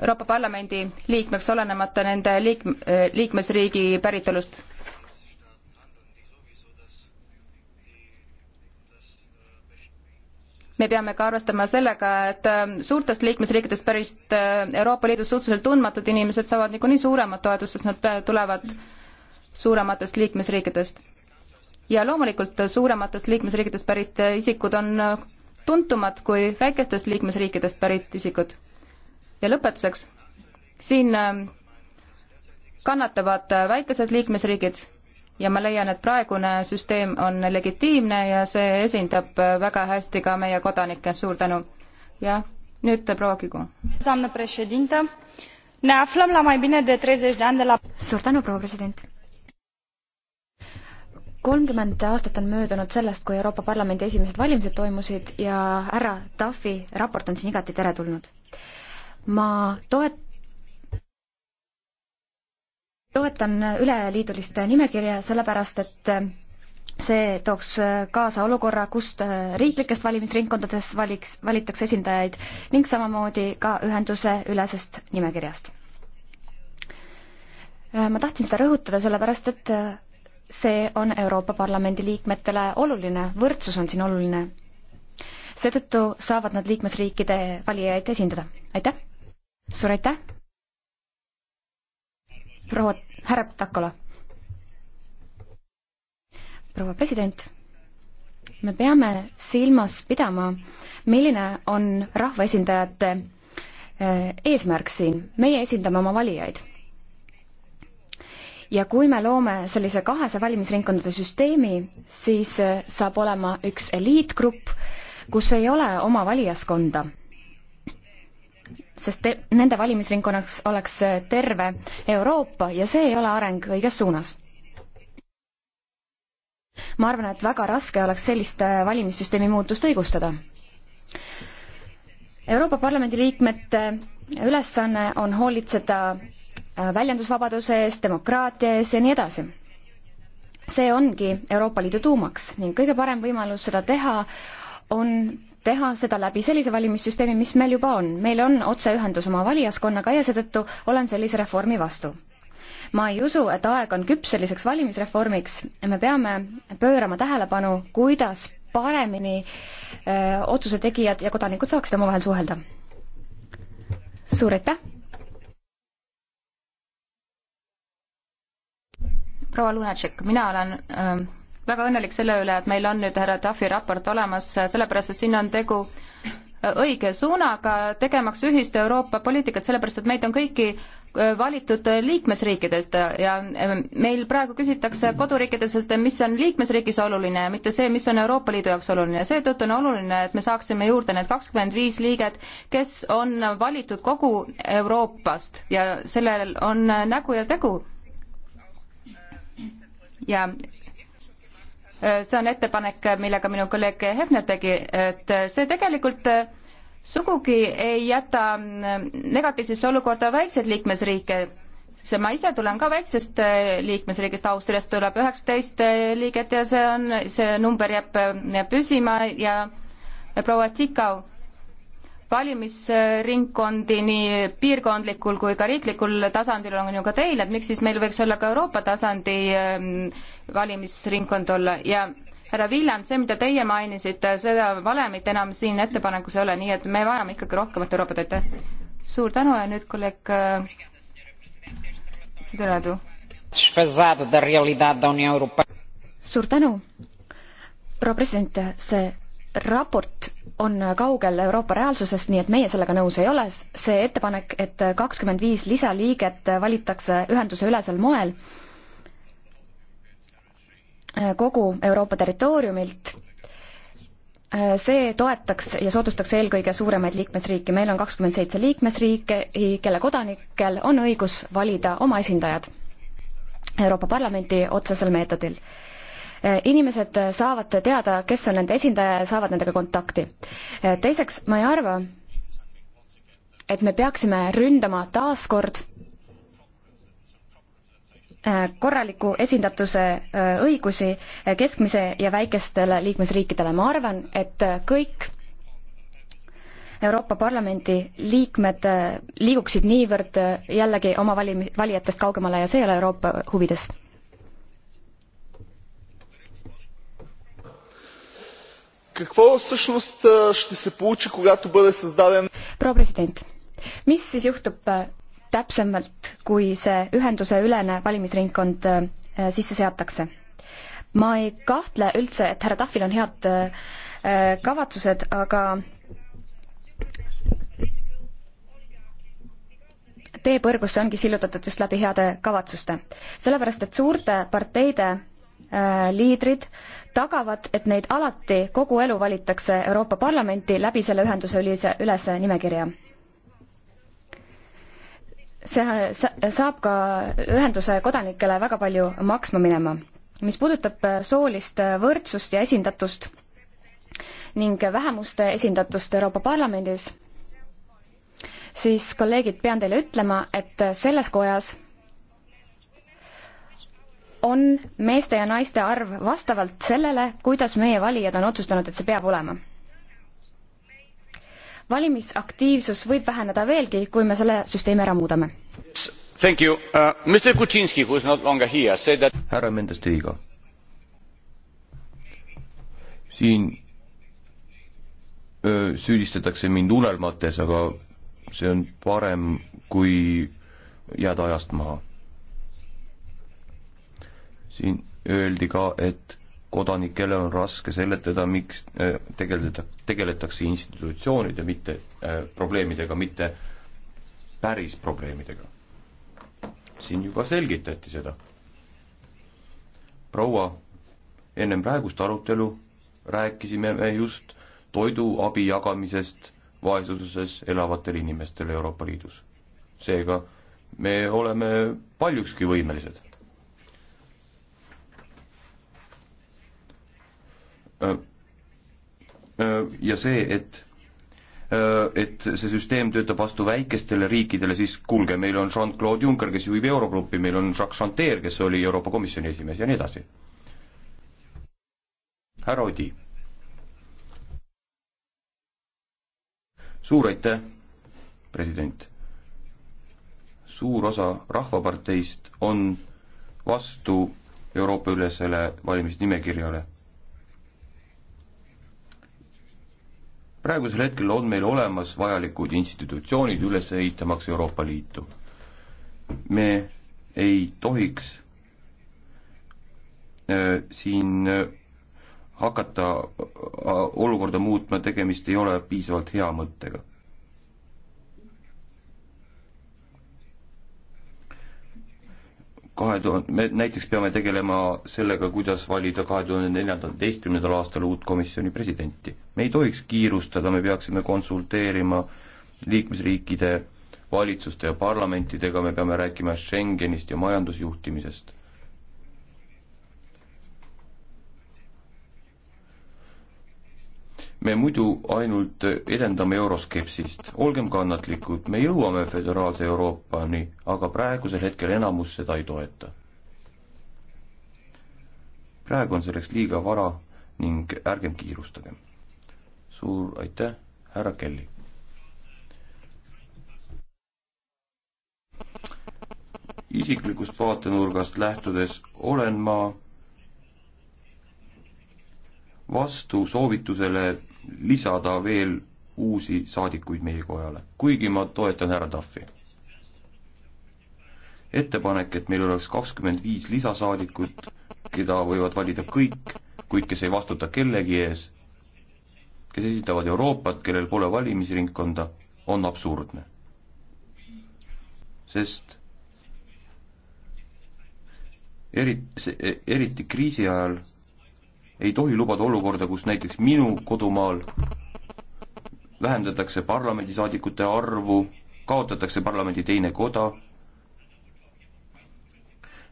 Euroopa Parlamendi liikmeks, olenemata nende liik-, liikmesriigi päritolust. me peame ka arvestama sellega, et ähm, suurtest liikmesriikidest pärist äh, Euroopa Liidus suhteliselt tundmatud inimesed saavad niikuinii suuremat toetust, sest nad tulevad suurematest liikmesriikidest. ja loomulikult suurematest liikmesriikidest pärit äh, isikud on äh, tuntumad kui väikestest liikmesriikidest pärit isikud ja lõpetuseks, siin ähm, kannatavad äh, väikesed liikmesriigid ja ma leian, et praegune süsteem on legitiimne ja see esindab äh, väga hästi ka meie kodanikke, suur tänu. jah, nüüd äh, proua Kigu. suur tänu, proua president kolmkümmend aastat on möödunud sellest, kui Euroopa Parlamendi esimesed valimised toimusid ja härra Tafi raport on siin igati teretulnud ma toet-, toetan üleliidulist nimekirja, sellepärast et see tooks kaasa olukorra, kust riiklikest valimisringkondades valiks, valitakse esindajaid ning samamoodi ka ühenduse ülesest nimekirjast. ma tahtsin seda rõhutada, sellepärast et see on Euroopa Parlamendi liikmetele oluline, võrdsus on siin oluline. seetõttu saavad nad liikmesriikide valijaid esindada, aitäh! suur aitäh! proua, härra Takola. proua president, me peame silmas pidama, milline on rahvaesindajate eh, eesmärk siin, meie esindame oma valijaid. ja kui me loome sellise kahese valimisringkondade süsteemi, siis eh, saab olema üks eliitgrupp, kus ei ole oma valijaskonda sest te, nende valimisringkonnaks oleks terve Euroopa ja see ei ole areng õiges suunas. ma arvan, et väga raske oleks sellist äh, valimissüsteemi muutust õigustada. Euroopa Parlamendi liikmete äh, ülesanne on hoolitseda äh, väljendusvabaduse eest, demokraatia ees ja nii edasi see ongi Euroopa Liidu tuumaks ning kõige parem võimalus seda teha on teha seda läbi sellise valimissüsteemi, mis meil juba on. meil on otseühendus oma valijaskonnaga ja seetõttu olen sellise reformi vastu. ma ei usu, et aeg on küps selliseks valimisreformiks. me peame pöörama tähelepanu, kuidas paremini öö, äh, otsuse tegijad ja kodanikud saaksid omavahel suhelda. suur aitäh! proua Lunatšek, mina olen öö, ähm, väga õnnelik selle üle, et meil on nüüd härra Tafi raport olemas, sellepärast et siin on tegu äh, õige suunaga, tegemaks ühist Euroopa poliitikat, sellepärast et meid on kõiki äh, valitud äh, liikmesriikidest ja meil praegu küsitakse koduriikides, et mis on liikmesriigis oluline ja mitte see, mis on Euroopa Liidu jaoks oluline. seetõttu on oluline, et me saaksime juurde need kakskümmend viis liiget, kes on valitud kogu Euroopast ja sellel on nägu ja tegu. ja see on ettepanek, millega minu kolleeg Hefner tegi, et see tegelikult sugugi ei jäta negatiivsesse olukorda väikseid liikmesriike. see, ma ise tulen ka väiksest liikmesriigist, Austriast tuleb üheksateist liiget ja see on, see number jääb püsima ja proua Tikau valimisringkondi nii piirkondlikul kui ka riiklikul tasandil on ju ka teil, et miks siis meil võiks olla ka Euroopa tasandi ehm, valimisringkond olla ja härra Viljand, see, mida teie mainisite, seda valemit enam siin ettepanekus ei ole, nii et me vajame ikkagi rohkemat Euroopat, aitäh! suur tänu ja nüüd kolleeg äh, Sideradu. suur tänu! proua president, see raport on kaugel Euroopa reaalsusest, nii et meie sellega nõus ei ole. see ettepanek, et kakskümmend viis lisaliiget valitakse ühenduse ülesel moel kogu Euroopa territooriumilt, see toetaks ja soodustaks eelkõige suuremaid liikmesriike. meil on kakskümmend seitse liikmesriike, kelle kodanikel on õigus valida oma esindajad Euroopa Parlamenti otsesel meetodil inimesed saavad teada, kes on nende esindaja ja saavad nendega kontakti. teiseks, ma ei arva, et me peaksime ründama taaskord äh, korraliku esindatuse äh, õigusi äh, keskmise ja väikestele liikmesriikidele. ma arvan, et kõik Euroopa Parlamendi liikmed liiguksid niivõrd jällegi oma valim-, valijatest kaugemale ja see ei ole Euroopa huvides Какво всъщност ще се получи, когато бъде създаден? proua president, mis siis juhtub täpsemalt, kui see ühenduse ülene valimisringkond sisse seatakse? ma ei kahtle üldse, et härra Tahvil on head kavatsused, aga tee põrgusse ongi sillutatud just läbi heade kavatsuste. sellepärast, et suurte parteide Äh, liidrid tagavad, et neid alati kogu elu valitakse Euroopa Parlamenti läbi selle ühenduse ülise, üles nimekirja. see saab ka ühenduse kodanikele väga palju maksma minema. mis puudutab äh, soolist äh, võrdsust ja esindatust ning vähemuste esindatust Euroopa Parlamendis, siis kolleegid, pean teile ütlema, et selles kojas on meeste ja naiste arv vastavalt sellele, kuidas meie valijad on otsustanud, et see peab olema. valimisaktiivsus võib väheneda veelgi, kui me selle süsteemi ära muudame. Uh, härra Mendestiga. siin öö, süüdistatakse mind unelmates, aga see on parem, kui jääda ajast maha siin öeldi ka, et kodanikele on raske seletada, miks äh, tegeleda, tegeletakse institutsioonide, mitte äh, probleemidega, mitte päris probleemidega. siin juba selgitati seda. proua, ennem praegust arutelu rääkisime me just toiduabi jagamisest vaesuses elavatele inimestele Euroopa Liidus. seega me oleme paljukski võimelised Äh, äh, ja see, et äh, et see süsteem töötab vastu väikestele riikidele, siis kuulge, meil on Jean-Claude Juncker, kes juhib Eurogrupi, meil on Jacques Chanter, kes oli Euroopa Komisjoni esimees ja nii edasi. härra Odi. suur aitäh, president. suur osa Rahvaparteist on vastu Euroopa-ülesele valimisnimekirjale praegusel hetkel on meil olemas vajalikud institutsioonid üles ehitamaks Euroopa Liitu. me ei tohiks äh, siin äh, hakata äh, olukorda muutma, tegemist ei ole piisavalt hea mõttega kahe tuhande, me näiteks peame tegelema sellega, kuidas valida kahe tuhande neljateistkümnendal aastal uut komisjoni presidenti. me ei tohiks kiirustada, me peaksime konsulteerima liikmesriikide valitsuste ja parlamentidega, me peame rääkima Schengenist ja majandusjuhtimisest. me muidu ainult edendame euroskepsist. olgem kannatlikud, me jõuame föderaalse Euroopani, aga praegusel hetkel enamus seda ei toeta. praegu on selleks liiga vara ning ärgem kiirustagem. suur aitäh, härra Kelly. isiklikust vaatenurgast lähtudes olen ma vastu soovitusele lisada veel uusi saadikuid meie kojale, kuigi ma toetan härra Taffi. ettepanek, et meil oleks kakskümmend viis lisasaadikut, keda võivad valida kõik, kuid kes ei vastuta kellegi ees, kes esindavad Euroopat, kellel pole valimisringkonda, on absurdne. sest eri, eriti kriisi ajal ei tohi lubada olukorda, kus näiteks minu kodumaal vähendatakse parlamendisaadikute arvu, kaotatakse parlamendi teine koda,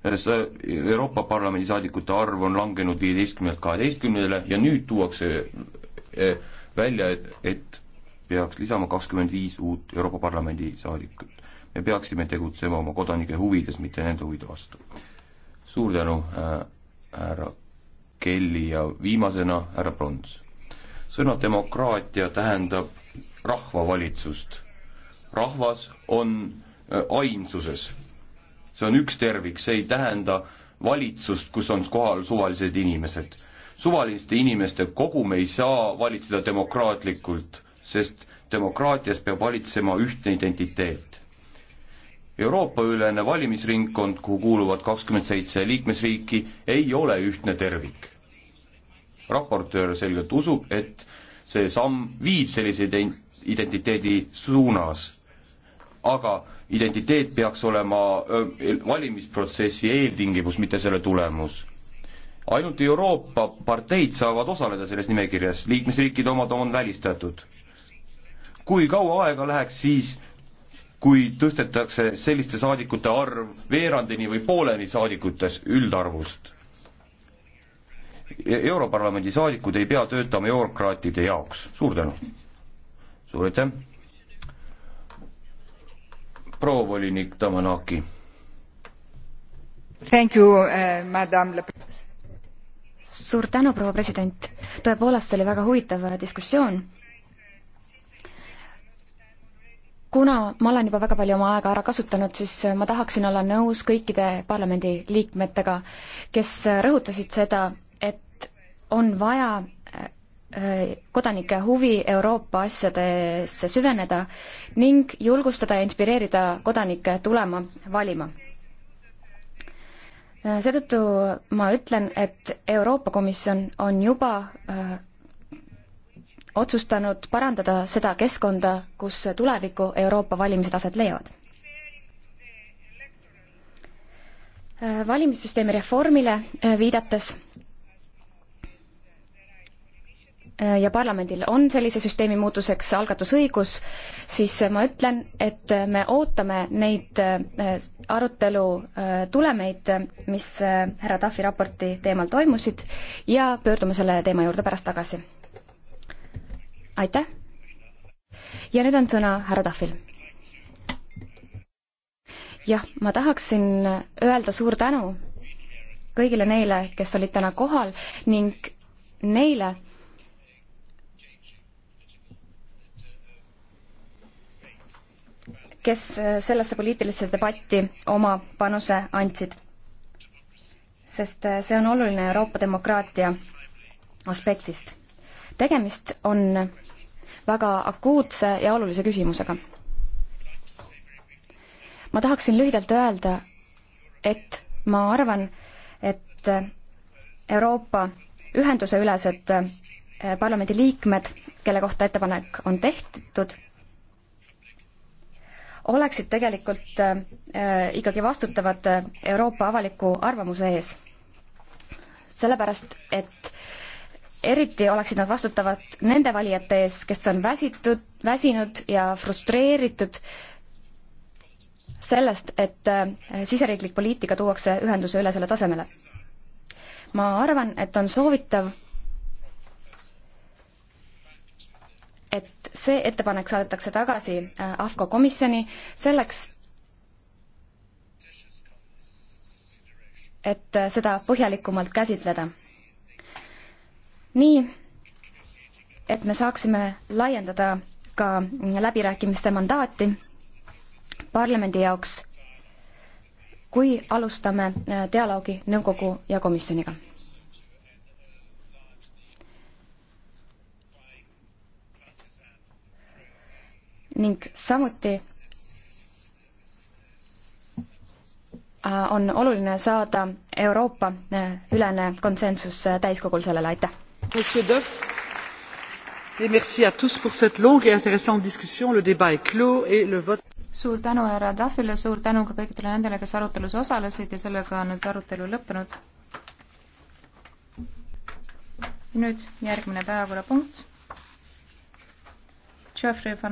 äh, Euroopa Parlamendi saadikute arv on langenud viieteistkümnelt kaheteistkümnele ja nüüd tuuakse äh, välja, et, et peaks lisama kakskümmend viis uut Euroopa Parlamendi saadikut. me peaksime tegutsema oma kodanike huvides, mitte nende huvide vastu. suur tänu äh,, härra Kelly ja viimasena härra Prons. sõna demokraatia tähendab rahvavalitsust. rahvas on äh, ainsuses. see on üks tervik, see ei tähenda valitsust, kus on kohal suvalised inimesed. suvaliste inimeste kogum ei saa valitseda demokraatlikult, sest demokraatias peab valitsema ühtne identiteet. Euroopa-ülene valimisringkond, kuhu kuuluvad kakskümmend seitse liikmesriiki, ei ole ühtne tervik. raportöör selgelt usub, et see samm viib sellise identiteedi suunas, aga identiteet peaks olema valimisprotsessi eeltingimus, mitte selle tulemus. ainult Euroopa parteid saavad osaleda selles nimekirjas, liikmesriikide omad on välistatud. kui kaua aega läheks siis kui tõstetakse selliste saadikute arv veerandini või pooleni saadikutes üldarvust. E-, Europarlamendi saadikud ei pea töötama eurokraatide jaoks, suur tänu. suur aitäh. proua volinik Tamanaki. Thank you uh,, eh, madam Le-. suur tänu, proua president. tõepoolest, see oli väga huvitav diskussioon kuna ma olen juba väga palju oma aega ära kasutanud, siis ma tahaksin olla nõus kõikide parlamendiliikmetega, kes rõhutasid seda, et on vaja äh, äh, kodanike huvi Euroopa asjadesse süveneda ning julgustada ja inspireerida kodanikke tulema valima. Äh, seetõttu ma ütlen, et Euroopa Komisjon on juba otsustanud parandada seda keskkonda, kus tuleviku Euroopa valimised aset leiavad. valimissüsteemi reformile äh, viidates äh, ja parlamendil on sellise süsteemi muutuseks algatusõigus, siis ma ütlen, et me ootame neid äh, arutelu tulemeid, mis härra Tafi raporti teemal toimusid ja pöördume selle teema juurde pärast tagasi aitäh. ja nüüd on sõna härra Tahvil. jah, ma tahaksin öelda suur tänu kõigile neile, kes olid täna kohal ning neile, kes sellesse poliitilisse debatti oma panuse andsid. sest see on oluline Euroopa demokraatia aspektist tegemist on väga akuutse ja olulise küsimusega. ma tahaksin lühidalt öelda, et ma arvan, et Euroopa ühenduse ülesed eh, parlamendi liikmed, kelle kohta ettepanek on tehtud, oleksid tegelikult äh, ikkagi vastutavad Euroopa avaliku arvamuse ees. sellepärast, et eriti oleksid nad vastutavad nende valijate ees, kes on väsitud, väsinud ja frustreeritud sellest, et äh, siseriiklik poliitika tuuakse ühenduse ülesele tasemele. ma arvan, et on soovitav, et see ettepanek saadetakse tagasi äh, AFCO komisjoni selleks, et äh, seda põhjalikumalt käsitleda nii et me saaksime laiendada ka läbirääkimiste mandaati parlamendi jaoks, kui alustame äh, dialoogi nõukogu ja komisjoniga. ning samuti äh, on oluline saada Euroopa äh, ülene konsensus täiskogul sellele, aitäh! merci à tous pour cette longue et intéressante discussion. Le débat est clos et le vote. suur tänu härra Tahvile, suur tänu ka kõikidele nendele, kes arutelus osalesid ja sellega on nüüd arutelu lõppenud. nüüd järgmine päevakorrapunkt. Geoffrey van